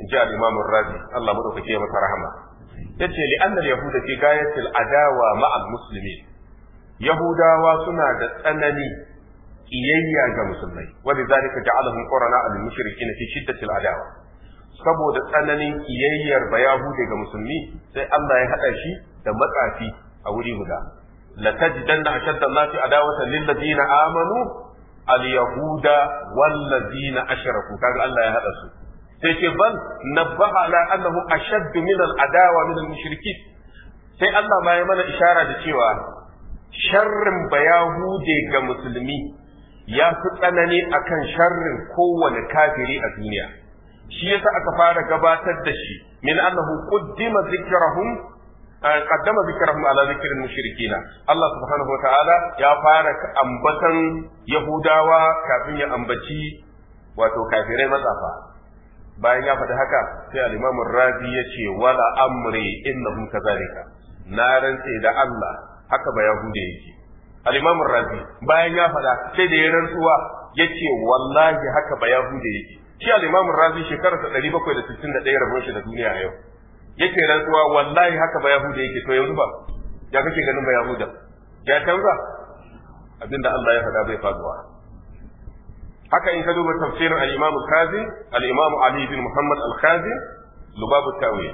in ji al-Imam Razi Allah mu dauke masa rahama yace li anna yahuda fi gayatil adawa ma'al muslimin yahudawa suna da tsanani iyayya ga musulmai wanda zalika ja'alahum qurana al mushrikin fi shiddatil adawa saboda tsananin iyayyar ba yahude ga musulmi sai Allah ya hada shi da matsafi a wuri guda la tajidanna ashadda nasi adawata lil ladina amanu al yahuda wal ladina ashraku kaga Allah ya hada su sai ce bal nabbaha ala annahu ashadd min al-adawa min al-mushrikin sai Allah ma ya mana ishara da cewa sharrin bayahude ga musulmi ya fi tsanani akan sharrin kowane kafiri a duniya shi yasa aka fara gabatar da shi min annahu quddima zikrahum qaddama zikrahum ala zikril mushrikin Allah subhanahu wa ta'ala ya fara ambatan yahudawa kafin ya ambaci wato kafirai matsafa bayan ya faɗi haka sai al-Imam Razi ya ce wala amri innahu kazalika na rantse da Allah haka ba Yahuda yake al-Imam Razi bayan ya faɗa sai da ya rantsuwa yace wallahi haka ba Yahuda yake shi al-Imam Razi shekarar sa 761 rabon shi da duniya a yau ce rantsuwa wallahi haka ba Yahuda yake to yanzu ba ya kake ganin ba Yahuda ya canza abinda Allah ya faɗa bai faɗuwa. haka in ka duba tafsirin al-Imam Kazi al-Imam Ali bin Muhammad al-Kazi Lubabu Tawi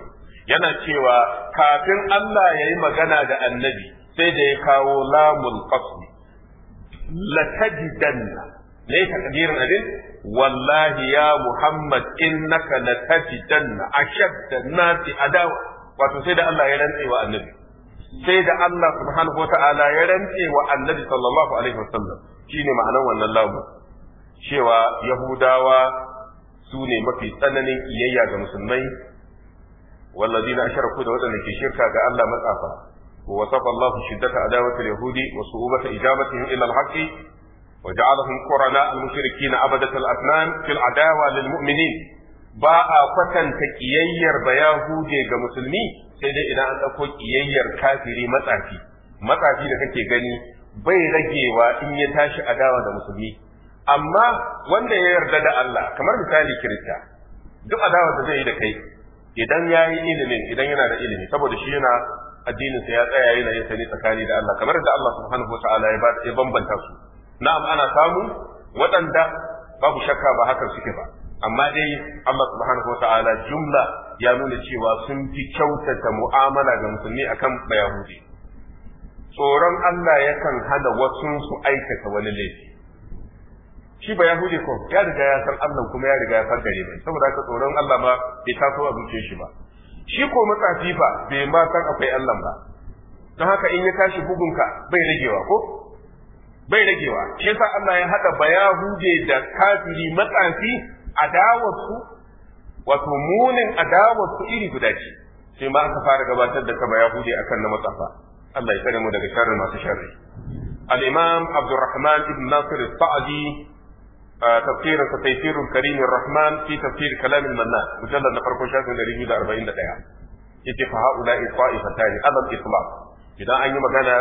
yana cewa kafin Allah ya yi magana da annabi sai da ya kawo lamul qasm latajidanna ne takdirin abin wallahi ya Muhammad innaka latajidanna ashadda nasi adawa wato sai da Allah ya rantse wa annabi sai da Allah subhanahu wa ta'ala ya rantse wa annabi sallallahu alaihi wasallam shine ma'anar wannan lamu cewa yahudawa su ne mafi tsananin kiyayya ga musulmai na asharaku da waɗanda ke shirka ga Allah matsafa wa wasafa Allah shiddata adawatar yahudi wa su'ubata ijabatihim ila al wa ja'alahum qurana al-mushrikeena abadat al fil adawa lil mu'minin ba a kwatanta kiyayyar ba yahude ga musulmi sai dai idan an ɗauko kiyayyar kafiri matsafi matsafi da kake gani bai ragewa in ya tashi adawa da musulmi amma wanda ya yarda da Allah kamar misali kirista duk adawar da zai yi da kai idan ya yi ilimin idan yana da ilimi saboda shi yana addinin sa ya tsaya yana yin sani tsakani da Allah kamar da Allah subhanahu wataala ya ya bambanta su na'am ana samu waɗanda babu shakka ba hakan suke ba amma dai Allah subhanahu wataala jumla ya nuna cewa sun fi kyautata mu'amala ga musulmi akan bayahudi tsoron Allah yakan hana wasu su aikata wani laifi shi ba yahudi ko ya riga ya san Allah kuma ya riga ya san gare mai saboda haka tsoron Allah ba bai taso a zuciyar shi ba shi ko matsafi ba bai ma san akwai Allah ba don haka in ya tashi bugunka bai ragewa ko bai ragewa shi yasa Allah ya hada bayahude da kafiri matsafi adawarsu wato munin adawarsu iri guda ce sai ma aka fara gabatar da kaba yahudi akan na matsafa Allah ya tsare mu daga sharri masu sharri al-imam Abdurrahman ibn Nasir al تفسير تفسير كريم الرحمن في تفسير كلام المنان مجلد نفر كوشاك من ريجو دا أربعين دقيقة يتي فهؤلاء الطائفتان على الإطلاق إذا أن يمغانا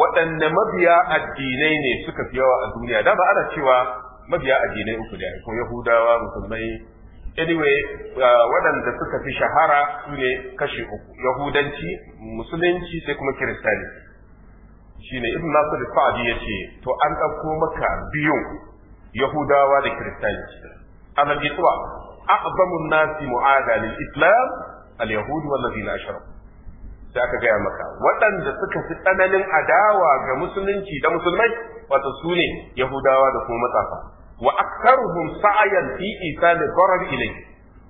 وأن مبيا الدينين سكت يوا الدنيا دا بأنا شوى مبيا الدينين أكدا يكون يهودا ومسلمين anyway waɗanda suka fi shahara su ne kashi uku yahudanci musulunci sai kuma kiristani shine ibn nasir sa'di yace to an ɗauko maka biyun yahudawa da kiristanci alal iswa a'zamu nasi mu'ada lil islam al yahud wal ladina gaya maka waɗanda suka fi tsananin adawa ga musulunci da musulmai wato su ne yahudawa da kuma matsafa wa aktaruhum sa'ayan fi isali darar ilai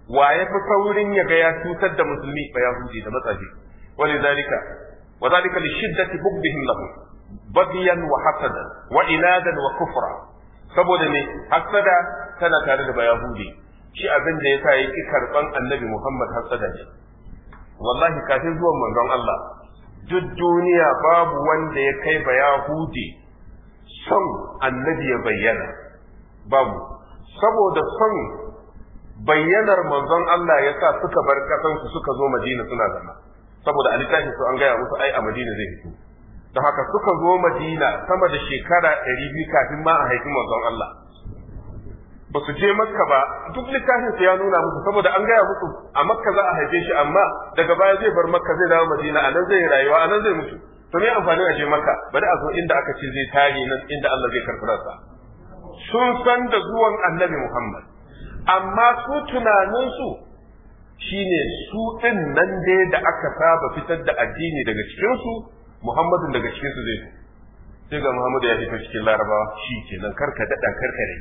wa ya fi saurin ya ga ya cutar da musulmi ba yahudi da matsafi wani zalika wa zalika li shiddati bughdihim lahu bagyan wa hasadan wa inadan wa kufra saboda ne hasada tana tare da bayahudi shi abin da yasa yake karban annabi Muhammad hasada ne wallahi kafin zuwan manzon Allah duk duniya babu wanda ya kai bayahudi son annabi ya bayyana babu saboda son bayyanar manzon Allah yasa suka bar kasansu suka zo Madina suna zama saboda a littafin su an gaya musu ai a Madina zai fito da haka suka zo madina sama da shekara ɗari biyu kafin ma a haifi manzon Allah ba su je makka ba duk littafin ya nuna musu saboda an gaya musu a makka za a haife shi amma daga baya zai bar makka zai dawo madina a nan zai rayuwa a zai mutu to me amfani a je makka bari a zo inda aka ce zai tare nan inda Allah zai karɓi sa sun san da zuwan annabi Muhammad amma su tunaninsu shine su ɗin nan dai da aka saba fitar da addini daga cikinsu muhammadun daga cikin su zai sai ga muhammadu ya fito cikin larabawa shi kenan karka daɗa karka ne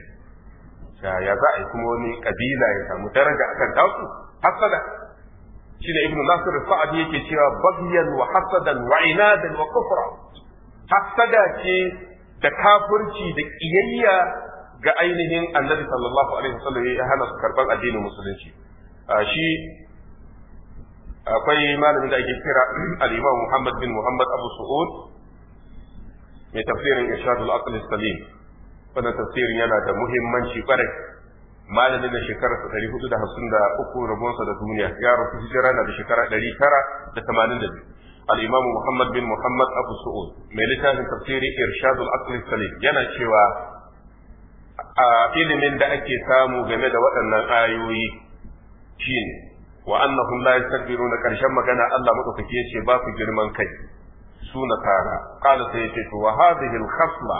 ya za a yi kuma wani ƙabila ya samu daraja akan tasu hasada shi da ibnu nasir sa'ad yake cewa baghyan wa hasadan wa inadan wa kufra hasada ce da kafirci da kiyayya ga ainihin annabi sallallahu alaihi wasallam ya hana su karban addinin musulunci shi akwai malamin da ake kira al-Imam Muhammad bin Muhammad Abu Su'ud mai tafsirin al Aql Salim wannan tafsirin yana da muhimmanci kwarai malamin da shekara 453 rabonsa da duniya ya rasu hijira na da shekara 982 al-Imam Muhammad bin Muhammad Abu Su'ud mai littafin tafsiri al Aql Salim yana cewa a ilimin da ake samu game da waɗannan ayoyi shine wa annahum la yastakbiruna karshen magana Allah madaukaki yace ba su girman kai su na nasara qala sai yace to wa hadhihi al-khasla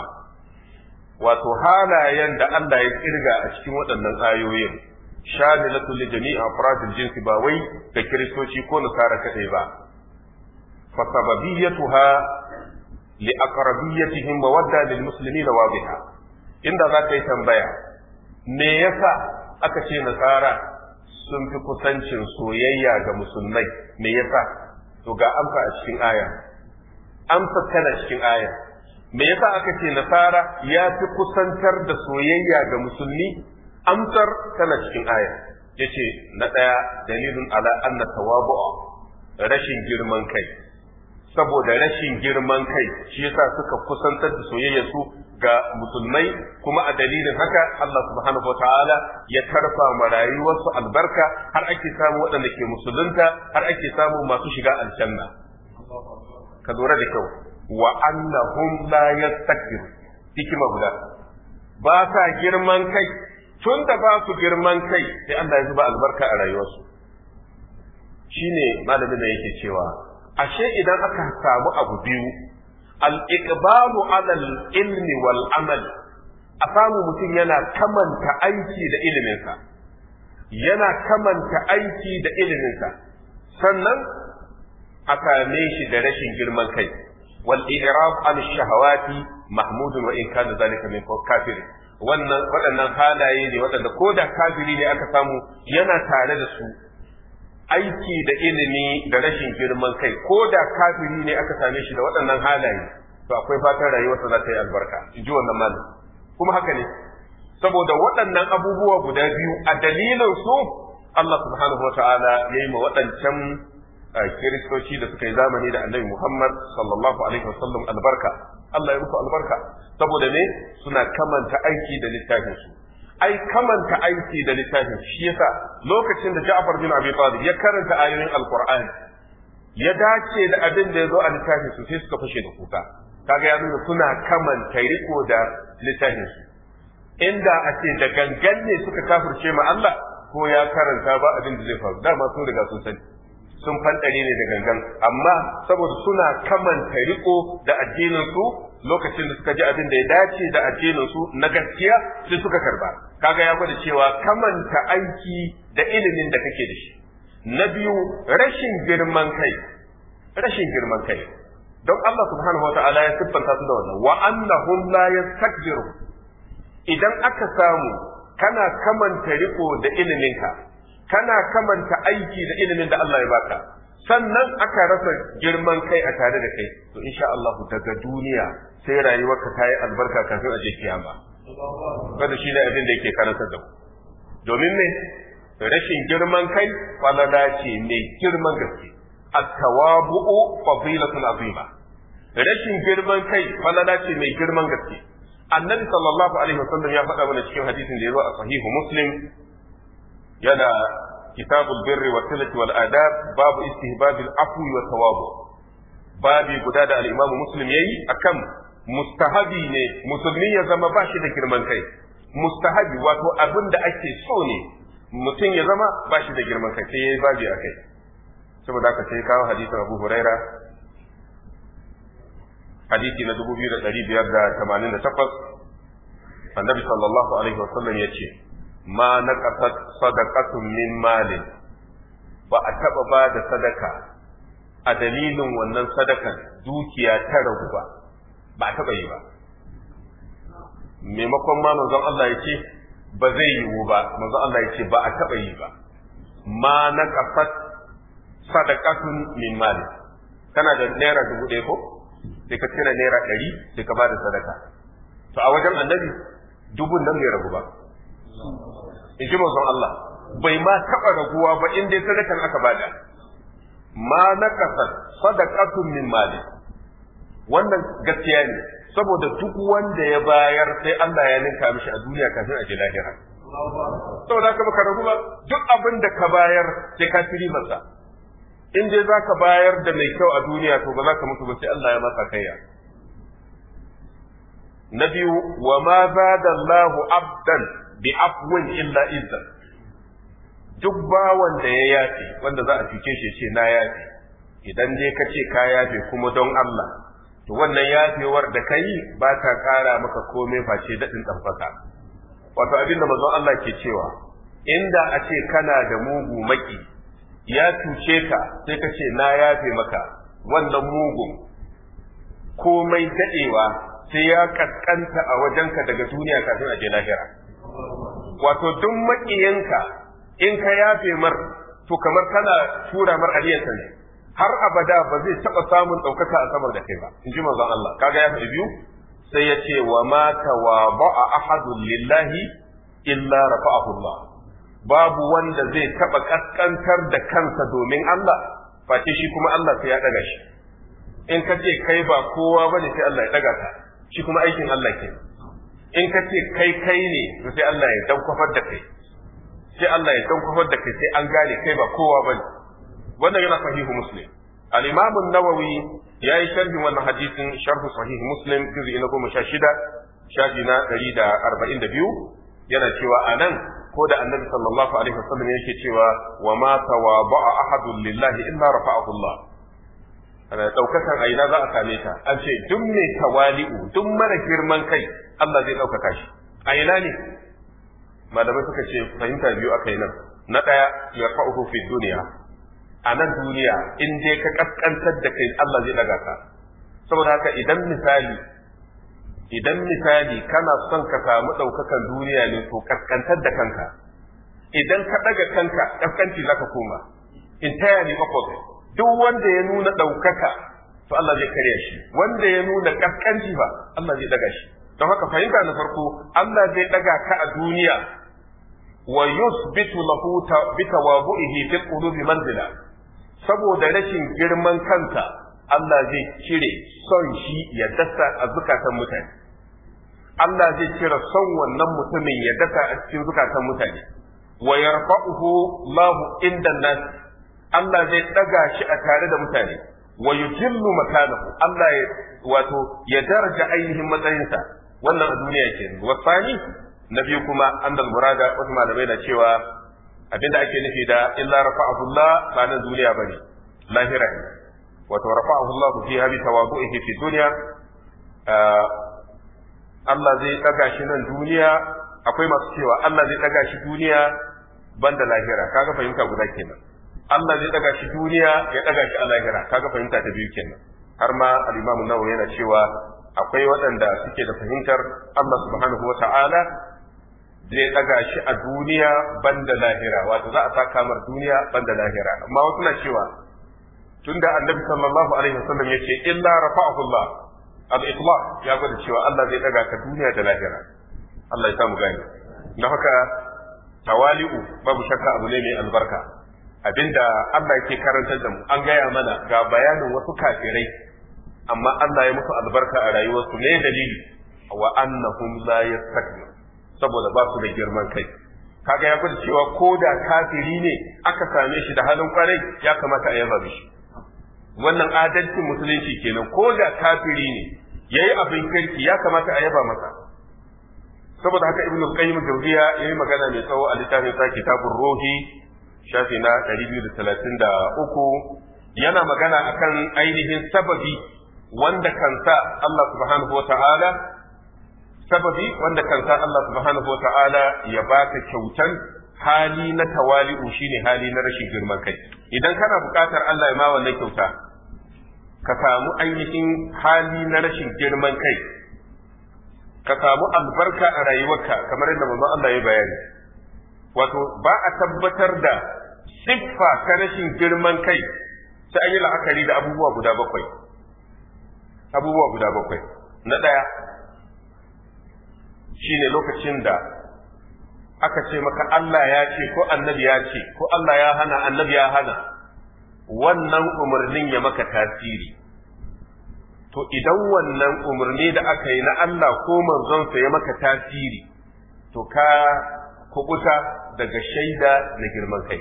wato halayen da Allah ya kirga a cikin waɗannan ayoyin shamilatu li jami'i afradil jins ba wai da kiristoci ko na nasara kadai ba fa sababiyatuha li aqrabiyatihim mawadda lil muslimin wadiha inda za ka yi tambaya me yasa aka ce nasara sun fi kusancin soyayya ga musulmai me yasa to ga amsa a cikin aya amsa tana cikin aya me yasa aka ce nasara ya fi kusantar da soyayya ga musulmi amsar tana cikin aya yace na daya dalilun ala anna tawabu'a rashin girman kai saboda rashin girman kai shi yasa suka kusantar da soyayya su ga musulmai kuma a dalilin haka Allah subhanahu wataala ya tarfa ma rayuwarsu albarka har ake samu waɗanda ke musulunta har ake samu masu shiga aljanna ka lura da kyau wa annahum la yastakbir hikima guda ba sa girman kai tun da ba su girman kai sai Allah ya zuba albarka a rayuwarsu shine malamin da yake cewa ashe idan aka samu abu biyu al-iqbalu ala al-ilmi wal a samu mutum yana kamanta aiki da iliminsa yana kamanta aiki da iliminsa sannan a same shi da rashin girman kai wal i'rab an shahawati mahmudun wa in kana zalika min waɗannan halaye ne waɗanda ko da kafiri ne aka samu yana tare da su aiki da ilimi da rashin girman kai ko da kafiri ne aka same shi da waɗannan halaye to akwai fatan rayuwarsa za ta yi albarka in ji wannan malam kuma haka ne saboda waɗannan abubuwa guda biyu a dalilin su Allah subhanahu wa ta'ala ya yi ma waɗancan eh, kiristoci da suka yi zamani da annabi Muhammad sallallahu alaihi sallam, albarka Allah ya musu albarka saboda ne suna kamanta aiki da littafin su ai kamanta aiki da littafin shi yasa lokacin da Ja'far bin Abi Talib ya karanta ayoyin al Alqur'ani ya dace da abin da ya a littafin su sai suka fashe da kuka kaga ya nuna suna kamanta riko da littafin inda a ce da gangan ne suka kafirce ma Allah ko ya karanta ba abin da zai faru dama sun riga sun sani sun fantare ne da gangan amma saboda suna kamanta riko da addinin su lokacin da suka ji abin da ya dace da addinin su na gaskiya sai suka karba kaga ya gwada cewa kamanta aiki da ilimin da kake da shi na biyu rashin girman kai rashin girman kai don Allah subhanahu wa ta'ala ya siffanta su da wannan wa annahum la yastakbiru idan aka samu kana kamanta riko da iliminka kana kamanta aiki da ilimin da Allah ya baka sannan aka rasa girman kai a tare da kai to insha Allah daga duniya sai rayuwarka ta yi albarka kafin a je kiyama kada shi ne abin da yake karantar da mu domin me rashin girman kai falala ce mai girman gaske at-tawabu'u azima rashin girman kai falala ce mai girman gaske annabi sallallahu alaihi wasallam ya faɗa mana cikin hadisin da yazo a sahihu muslim yana kitabul birri wa tilati wal adab babu istihbabil afwi wa tawabu babi guda da al-imamu muslim yayi akan mustahabi ne musulmi ya zama ba shi da girman kai mustahabi wato abin da ake so ne mutum ya zama ba shi da girman kai sai ya yi babi a kai saboda aka sai kawo hadisin abu huraira hadisi na dubu biyu da ɗari biyar da tamanin da takwas annabi sallallahu alaihi wasallam ya ce ma na ƙasar sadakatun min malin ba a taɓa ba da sadaka a dalilin wannan sadakan dukiya ta ragu ba ba a taɓa yi ba maimakon ma manzon Allah ya ce ba zai yiwu ba manzon Allah ya ce ba a taɓa yi ba ma na ƙasar sadakatun min mali kana da naira dubu ɗaya ko sai ka cire naira ɗari sai ka bada sadaka to a wajen annabi dubun nan bai ragu ba in ji manzon Allah bai ma taɓa raguwa ba in dai sadakan aka bada ma na ƙasar sadakatun min mali wannan gaskiya ne saboda duk wanda ya bayar sai Allah ya ninka mishi a duniya kafin a je lahira saboda haka baka rabu ba duk abin da ka bayar sai ka firi masa in dai za ka bayar da mai kyau a duniya to ba za ka mutu ba sai Allah ya masa kaiya na biyu wa ma zada Allahu abdan bi afwin illa idza duk bawan da ya yafe wanda za a cike shi ce na yafe idan dai ka ce ka yafe kuma don Allah to wannan yafewar da kai ba ta kara maka komai face daɗin ɗanfaka wato abinda manzon Allah ke cewa inda a ce kana da mugu maki ya cuce ka sai ka ce na yafe maka wannan mugu komai daɗewa sai ya kaskanta a wajenka daga duniya kafin a je lahira wato duk maƙiyanka in ka yafe mar to kamar kana tura mar aliyarsa ne har abada ba zai taɓa samun ɗaukaka a samar da kai ba in ji manzon Allah kaga ya faɗi biyu sai ya ce wa ma tawada'a ahadun lillahi illa rafa'ahu Allah babu wanda zai taɓa kaskantar da kansa domin Allah face shi kuma Allah sai ya ɗaga shi in ka ce kai ba kowa bane sai Allah ya ɗaga ka shi kuma aikin Allah ke in ka ce kai kai ne sai Allah ya kwafar da kai sai Allah ya kwafar da kai sai an gane kai ba kowa bane wannan yana sahihu muslim al-imam an-nawawi yayi sharhin wannan hadisin sharh sahih muslim juz'i na 16 shafi na 142 yana cewa anan ko da annabi sallallahu alaihi wasallam yake cewa wa ma tawaba'a ahadun lillahi illa rafa'ahu Allah a ina za a same ta an ce duk mai tawali'u duk mara girman kai Allah zai daukaka shi aina ne malamai suka ce fahimta biyu a kai nan na daya yarfa'uhu fi duniya a nan duniya in dai ka kaskantar da kai Allah zai daga ka saboda haka idan misali idan misali kana son ka samu ɗaukakan duniya ne to kaskantar da kanka idan ka daga kanka kaskanci zaka koma in taya ni opposite duk wanda ya nuna ɗaukaka to Allah zai karya shi wanda ya nuna kaskanci ba Allah zai daga shi don haka fahimta na farko Allah zai daga ka a duniya wa yusbitu lahu bi tawabu'ihi fil qulubi manzila saboda rashin girman kanta, Allah zai cire son shi ya dasa a zukatan mutane Allah zai cire son wannan mutumin ya dasa a cikin zukatan mutane wa yarfa'uhu Allahu inda nas Allah zai daga shi a tare da mutane wa yujillu makanahu Allah ya wato ya daraja ainihin matsayinsa wannan a duniya kenan wasani na biyu kuma annal murada wasu malamai na cewa abinda ake nufi da illa rafa'ahu Allah ba nan duniya bane lahira ne wato rafa'ahu Allah fiha bi tawadu'ihi fi dunya Allah zai daga shi nan duniya akwai masu cewa Allah zai daga shi duniya banda lahira kaga fahimta guda kenan Allah zai daga shi duniya ya daga shi a lahira kaga fahimta ta biyu kenan har ma al-Imam Nawawi yana cewa akwai waɗanda suke da fahimtar Allah subhanahu wa ta'ala zai ɗaga shi a duniya banda lahira wato za a saka mar duniya banda lahira amma wasu na cewa tunda annabi sallallahu alaihi wasallam yace illa rafa'ahu Allah al-itlaq ya gwada cewa Allah zai ɗaga ka duniya da lahira Allah ya samu gani don haka tawali'u babu shakka abu ne mai albarka abinda Allah yake karantar da mu an gaya mana ga bayanin wasu kafirai amma Allah ya musu albarka a rayuwarsu ne dalili wa annahum la yastakbir saboda ba su da girman kai kaga ya gudu cewa ko da kafiri ne aka same shi da halin kwarai ya kamata a yaba shi wannan adalcin musulunci kenan ko da kafiri ne yayi abin kirki ya kamata a yaba masa saboda haka ibnu qayyim jawziya yayi magana mai tsawo a littafin sa kitabur ruhi shafi na 233 yana magana akan ainihin sababi wanda kan sa Allah subhanahu wa ta'ala sababi wanda kansa Allah subhanahu wata'ala ya baka kyautan hali na tawali'u shine hali na rashin girman kai idan kana buƙatar Allah ya ma wannan kyauta ka samu ainihin hali na rashin girman kai ka samu albarka a rayuwarka kamar yadda manzo Allah ya bayani wato ba a tabbatar da siffa ta rashin girman kai sai an yi la'akari da abubuwa guda bakwai abubuwa guda bakwai na ɗaya shine lokacin da aka ce maka Allah ya ce ko annabi ya ce ko Allah ya hana annabi ya hana wannan umarnin ya maka tasiri to idan wannan umarni da aka yi na Allah ko manzonsa ya maka tasiri to ka kubuta daga shaida na girman kai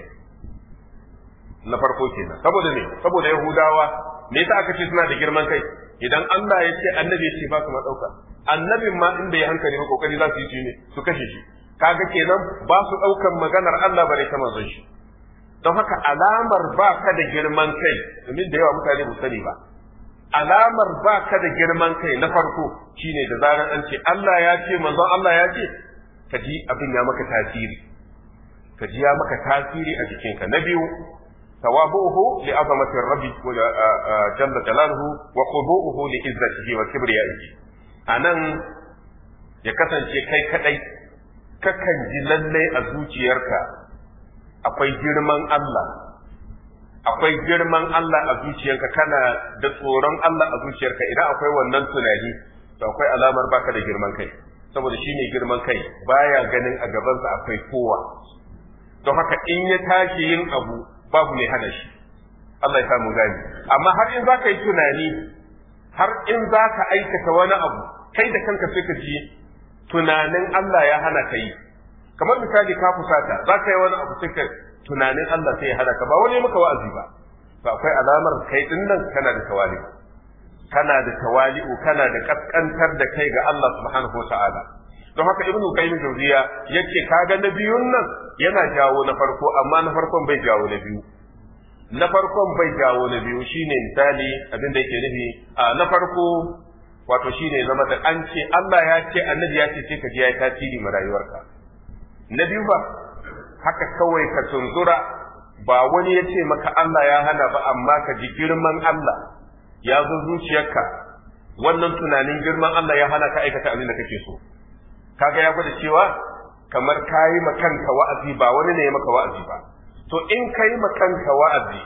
na farko kenan saboda ne saboda yahudawa me yasa aka ce suna da girman kai idan Allah ya ce annabi ya ce ba su madauka annabin ma in ya hankali ba kokari za su yi ne su kashe shi kaga kenan ba su daukan maganar Allah bare ta manzon shi don haka alamar ba ka da girman kai domin da yawa mutane ba sani ba alamar ba ka da girman kai na farko shine da zarar an ce Allah ya ce manzon Allah ya ce ka ji abin ya maka tasiri ka ji ya maka tasiri a jikinka na biyu tawabu'uhu لعظمة الرب جل جلاله وخضوعه wa وكبريائه li izzatihi wa kibriyaihi anan ya kasance kai kadai kakan ji lallai a zuciyarka akwai girman Allah akwai girman Allah a zuciyarka kana da tsoron Allah a zuciyarka idan akwai wannan tunani to akwai alamar baka da girman kai saboda shi ne girman kai baya ganin a gabansa akwai kowa don haka in ya tashi yin abu babu mai hana shi Allah ya samu gani amma har in zaka yi tunani har in zaka aikata wani abu kai da kanka sai ka ji tunanin Allah ya hana ka yi kamar misali ka fusata zaka yi wani abu sai ka tunanin Allah sai ya hana ka ba wani maka wa'azi ba to akwai alamar kai din nan kana da tawali kana da tawali'u kana da kaskantar da kai ga Allah subhanahu wa don haka ibn qayyim jawziya yace kaga na biyun nan yana jawo na farko amma na farkon bai jawo na biyu na farkon bai jawo na biyu shine misali abin da yake nufi a na farko wato shine zama da an ce Allah ya ce annabi ya ce ka ji ya tasiri ma rayuwarka na biyu ba haka kawai ka tunzura ba wani ya ce maka Allah ya hana ba amma ka ji girman Allah ya zo zuciyarka wannan tunanin girman Allah ya hana ka aikata abin da kake so kaga ya gwada cewa kamar kayi makanta wa'azi ba wani ne ya maka wa'azi ba to in kai makanta wa'azi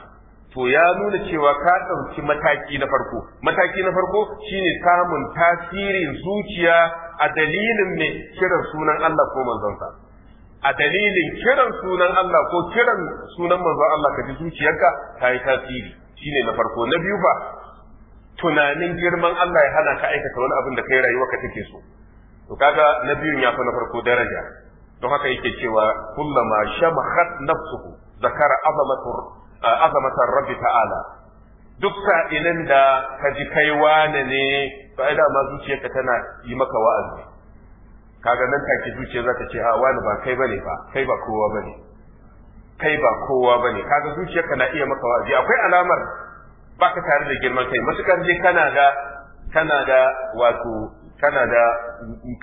to ya nuna cewa ka ɗauki mataki na farko mataki na farko shine samun tasirin zuciya a dalilin ne kiran sunan Allah ko manzonsa a dalilin kiran sunan Allah ko kiran sunan manzon Allah ka ji zuciyarka ta yi tasiri shine na farko na biyu ba tunanin girman Allah ya hana ka aikata wani abin da kai rayuwarka take so to kaga na biyun ya fi na farko daraja don haka yake cewa kullama shamahat nafsuhu zakara azamatur eh, azamatar rabbi ta'ala duk sa'ilin da ka ji kai wane ne to ai ma zuciyarka tana yi maka wa'azi kaga nan take zuciya zaka ce ha wani ba kai bane ba kai ba kowa bane kai ba kowa bane kaga zuciyarka na iya maka wa'azi akwai alamar baka tare da girman kai matukar je kana ga kana da wato kana da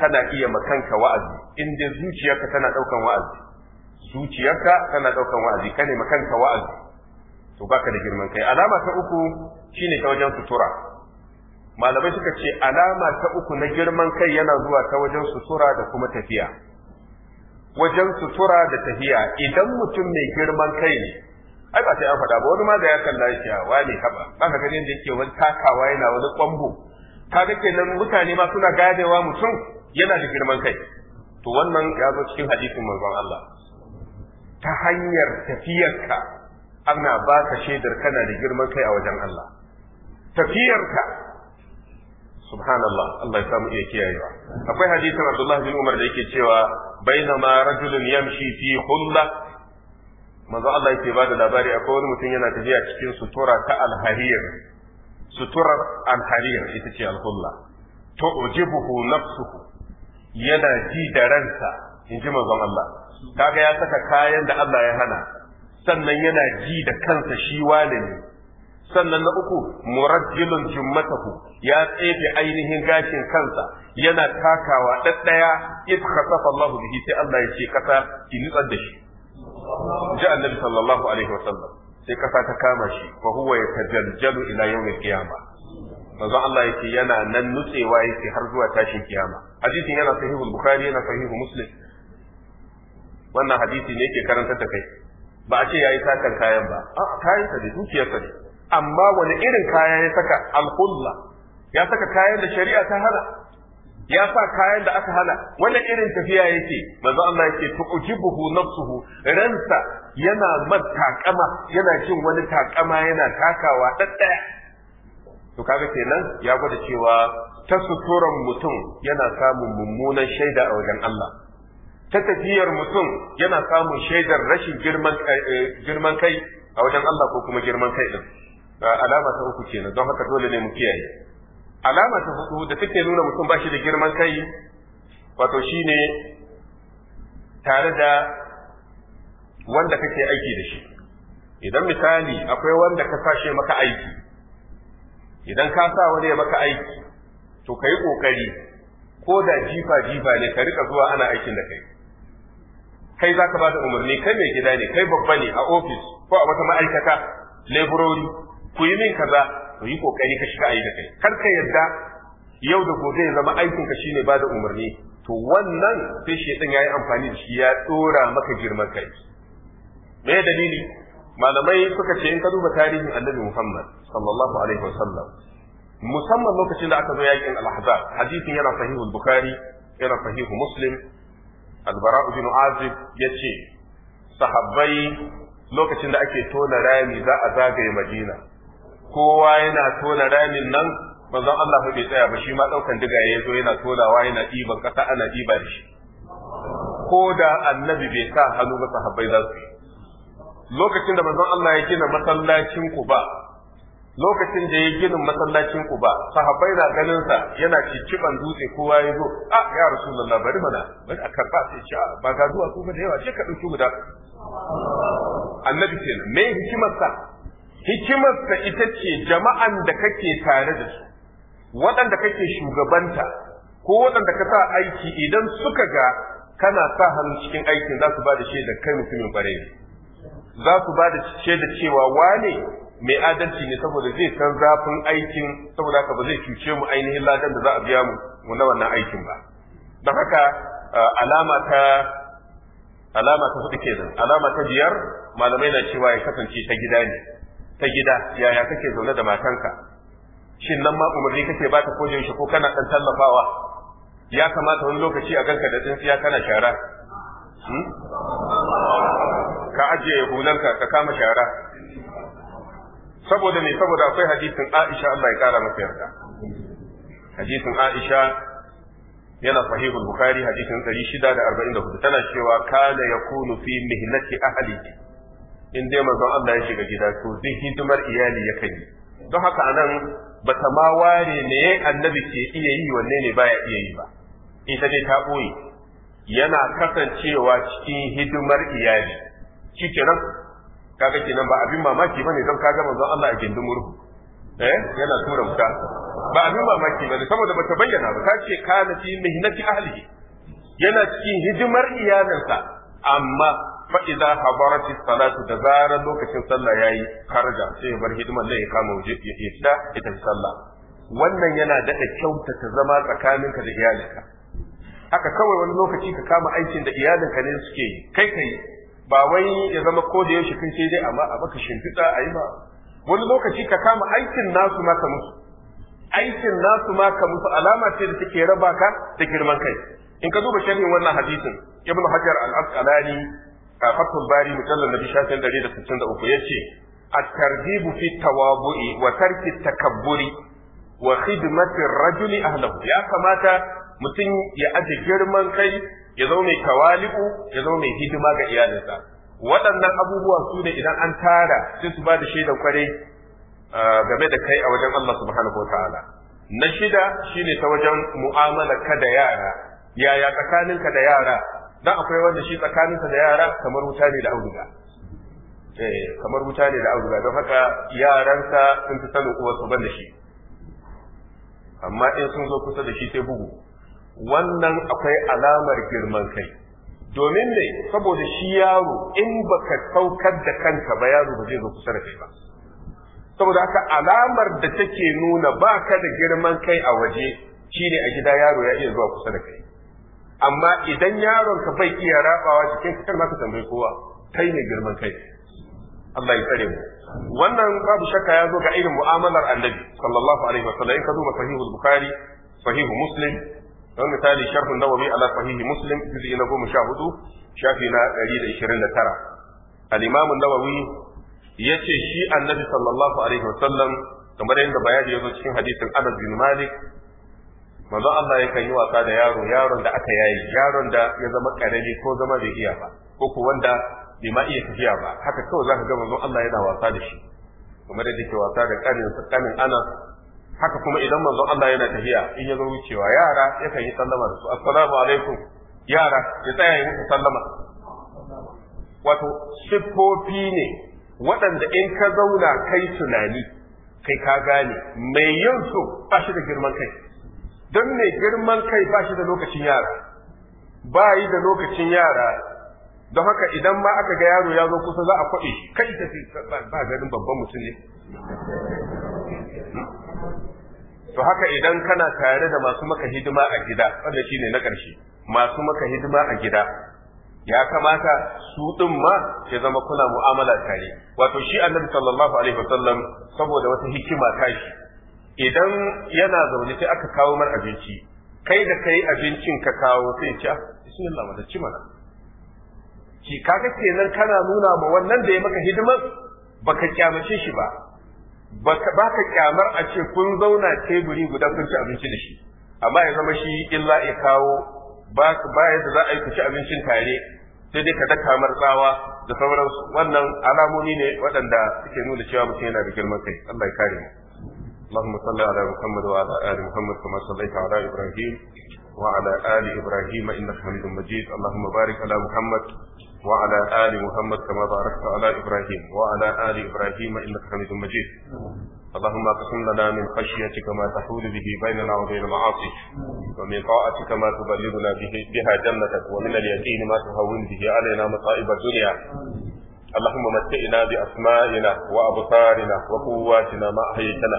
kana iya makanka wa'azi in dai zuciyarka tana daukan wa'azi zuciyarka tana daukan wa'azi kane makanka wa'azi to baka da girman kai alama ta uku shine ta wajen sutura malamai suka ce alama ta uku na girman kai yana zuwa ta wajen sutura da kuma tafiya wajen sutura da tafiya idan mutum mai girman kai ne ai ba sai an faɗa ba wani ma da ya kalla shi wa ne haba ba ka ganin da yake wani takawa yana wani kwambo kaga kenan mutane ma suna ganewa mutum yana da girman kai to wannan ya zo cikin hadisin manzon Allah ta hanyar tafiyarka ana ba ka shaidar kana da girman kai a wajen Allah tafiyarka subhanallah Allah ya samu iya kiyayewa akwai hadisin Abdullah bin Umar da yake cewa bainama rajulun yamshi fi khulla manzo Allah yake ba da labari akwai wani mutum yana tafiya cikin sutura ta alharir suturar alhariyar ita ce alhulla to ujibuhu nafsuhu yana ji da ransa in ji manzon Allah kaga ya saka kayan da Allah ya hana sannan yana ji da kansa shi walimi sannan na uku murajjilun jummatahu ya tsefe ainihin gashin kansa yana takawa daddaya if khasafa Allah bihi sai Allah ya ce kasa ki nutsar da shi ji annabi sallallahu alaihi wasallam sai kasa ta kama shi fa huwa yatajaljalu ila yawmil qiyama manzo Allah yake yana nan nutsewa yake har zuwa tashin kiyama hadisi yana sahihul bukhari yana sahihu muslim wannan hadisi ne yake karanta da kai ba a ce yayi sakan kayan ba a kayan ta da dukiyarsa ne amma wani irin kaya ya saka alhulla ya saka kayan da shari'a ta hana ya sa kayan da aka hana wannan irin tafiya yake manzo Allah yake ujibuhu nafsuhu ransa yana matakama yana jin wani takama yana takawa daddaya to kaga kenan ya gwada cewa ta suturan mutum yana samun mummunan shaida a wajen Allah ta tafiyar mutum yana samun shaidar rashin girman eh, girman kai a wajen Allah ko kuma girman kai din alama ta uku kenan don haka dole ne mu kiyaye alama ta hudu da take nuna mutum ba shi da girman kai wato shine tare da wanda kake aiki da shi idan misali akwai wanda ka sashe maka aiki idan ka sa wani ya maka aiki to kai kokari ko da jifa jifa ne ka rika zuwa ana aikin da kai kai zaka ba da umarni kai mai gida ne kai babba ne a ofis ko a wata ma'aikata leburori ku yi min kaza to yi kokari ka shiga ayi da kai kar ka yarda yau da gobe ya zama aikin ka shine bada umarni to wannan sai shedan yayi amfani da shi ya dora maka girman kai me dalili malamai suka ce in ka duba tarihin annabi Muhammad sallallahu alaihi wasallam musamman lokacin da aka zo yakin al-ahzab hadisin yana sahihu bukhari yana sahihu muslim al-bara ibn azib yace sahabbai lokacin da ake tona rami za a zagaye madina kowa yana tona ramin nan manzon Allah bai tsaya ba shi ma daukan diga ya zo yana tonawa yana ɗiban kasa ana ɗiba da shi ko da annabi bai sa hannu ba sahabbai za su yi lokacin da manzon Allah ya gina masallacin ba, lokacin da ya gina masallacin ba sahabbai na ganin sa yana cicciban dutse kowa ya zo ah ya rasulullah bari mana bari a karba sai ci ba ga zuwa ko da yawa ce ka dauki guda annabi ce me hikimar sa hikimarsa ita ce jama'an da kake tare da su waɗanda kake shugabanta ko waɗanda ka sa aiki idan suka ga kana sa hannu cikin aikin za su ba da kai mutumin bare ne za su ba da cewa wane mai adalci ne saboda zai san zafin aikin saboda haka ba zai cuce mu ainihin ladan da za a biya mu mu na wannan aikin ba da haka uh, alama ta alama ta hudu kenan alama ta biyar malamai na cewa ya kasance ta gida ne ta gida yaya kake zaune da matanka shin nan ma umarni kake ba ta koje shi ko kana dan tallafawa ya kamata wani lokaci a ganka da tsintsiya kana shara hmm? ka ajiye hulanka ka kama shara saboda ne saboda akwai hadisin Aisha Allah ya kara masa yarda hadisin Aisha yana sahihul bukhari hadisin 644 tana cewa kana yakunu fi mihnati ahlihi in dai manzon Allah ya shiga gida to duk hidimar iyali ya kai don haka anan ba ta ma ware ne annabi ke iya yi wanne ne baya iya yi ba ita dai ta boye yana kasancewa cikin hidimar iyali shikenan kaga kenan ba abin mamaki bane don kaga manzon Allah a gindin murhu eh yana tura wuta ba abin mamaki bane saboda bata bayyana ba ta ce kana cikin mihnati ahli yana cikin hidimar iyalinsa amma fa idza habarati salatu da zarar lokacin sallah yayi karja sai bar hidimar da ya kama waje ya fita ya tafi sallah wannan yana daɗa kyautata zama tsakaninka da iyalinka haka kawai wani lokaci ka kama aikin da iyalinka ne suke yi kai kai ba wai ya zama ko da yaushe kai sai dai amma a baka shimfiɗa a yi ba wani lokaci ka kama aikin nasu maka musu aikin nasu ma ka musu alama ce da take raba ka da girman kai in ka duba sharhin wannan hadisin ibnu hajar al-asqalani fatul bari mujallal nabi shafin dari da sittin da uku yace at-tarjibu fi tawabu'i wa tarki takabburi wa khidmati ar-rajuli ahlahu ya kamata mutum ya aje girman kai ya zo mai tawali'u ya zo mai hidima ga iyalinsa waɗannan abubuwa su ne idan an tara sai su ba da shaidan kwarai game da kai a wajen Allah subhanahu wataala na shida shine ta wajen mu'amala ka da yara yaya tsakaninka da yara dan akwai wanda shi tsakaninsa da yara kamar wuta ne da auduga eh kamar wuta ne da auduga don haka yaransa sun fi sanin uwarsu ban da shi amma in sun zo kusa da shi sai bugu wannan akwai alamar girman kai domin ne saboda shi yaro in baka saukar da kanka ba yaro ba zai zo kusa da kai ba saboda haka alamar da take nuna baka da girman kai a waje shine a gida yaro ya iya zuwa kusa da kai amma idan yaron ka bai iya rabawa jikin ka ma ka tambayi kowa kai ne girman kai Allah ya tsare mu wannan babu shakka ya zo ga irin mu'amalar annabi sallallahu alaihi wa sallam in ka duba sahihul bukhari sahihu muslim don misali sharhun nawawi ala sahihi muslim juz'i na goma sha hudu shafi na ɗari da ishirin da tara al-imamu nawawi ya ce shi annabi sallallahu alaihi wa sallam kamar yadda bayani ya zo cikin hadisin anas bin malik manzo Allah yakan yi wasa da yaro yaron da aka yayi yaron da ya zama karami ko zama bai iya ba ko ku wanda bai ma iya tafiya ba haka kawai zaka ga manzo Allah yana wasa da shi kamar da yake wasa da kanin kanin ana haka kuma idan manzo Allah yana tafiya in ya zo wucewa yara ya kan yi sallama da su assalamu alaikum yara ya tsaya yi muku sallama wato siffofi ne waɗanda in ka zauna kai tunani kai ka gane mai yin su ba shi da girman kai don ne girman kai ba shi da lokacin yara ba yi da lokacin yara don haka idan ma aka ga yaro ya zo kusa za a kwaɗe kai ta ba garin babban mutum ne to haka idan kana tare da masu maka hidima a gida wanda shine na ƙarshe masu maka hidima a gida ya kamata su ɗin ma ya zama kuna mu'amala tare wato shi annabi sallallahu alaihi wasallam saboda wata hikima tashi idan yana zaune sai aka kawo mar abinci kai da kai abincin ka kawo sai ci ah, bismillah wata ci mana ki kaga kenan kana nuna ma wannan da ya maka hidimar baka kyamace shi ba baka kyamar a ce kun zauna teburi guda kun ci abinci da shi amma ya zama shi illa ya kawo ba ba yadda za a yi ku ci abincin tare sai dai ka daka kamar tsawa da sauransu wannan alamomi ne waɗanda suke nuna cewa mutum yana da girman kai Allah ya kare mu اللهم صل على محمد وعلى ال محمد كما صليت على ابراهيم وعلى ال ابراهيم انك حميد مجيد اللهم بارك على محمد وعلى ال محمد كما باركت على ابراهيم وعلى ال ابراهيم انك حميد مجيد اللهم اقسم لنا من خشيتك ما تحول به بيننا وبين معاصيك ومن طاعتك ما تبلغنا به بها جنتك ومن اليقين ما تهون به علينا مصائب الدنيا اللهم متئنا بأسمائنا وأبصارنا وقواتنا ما أحييتنا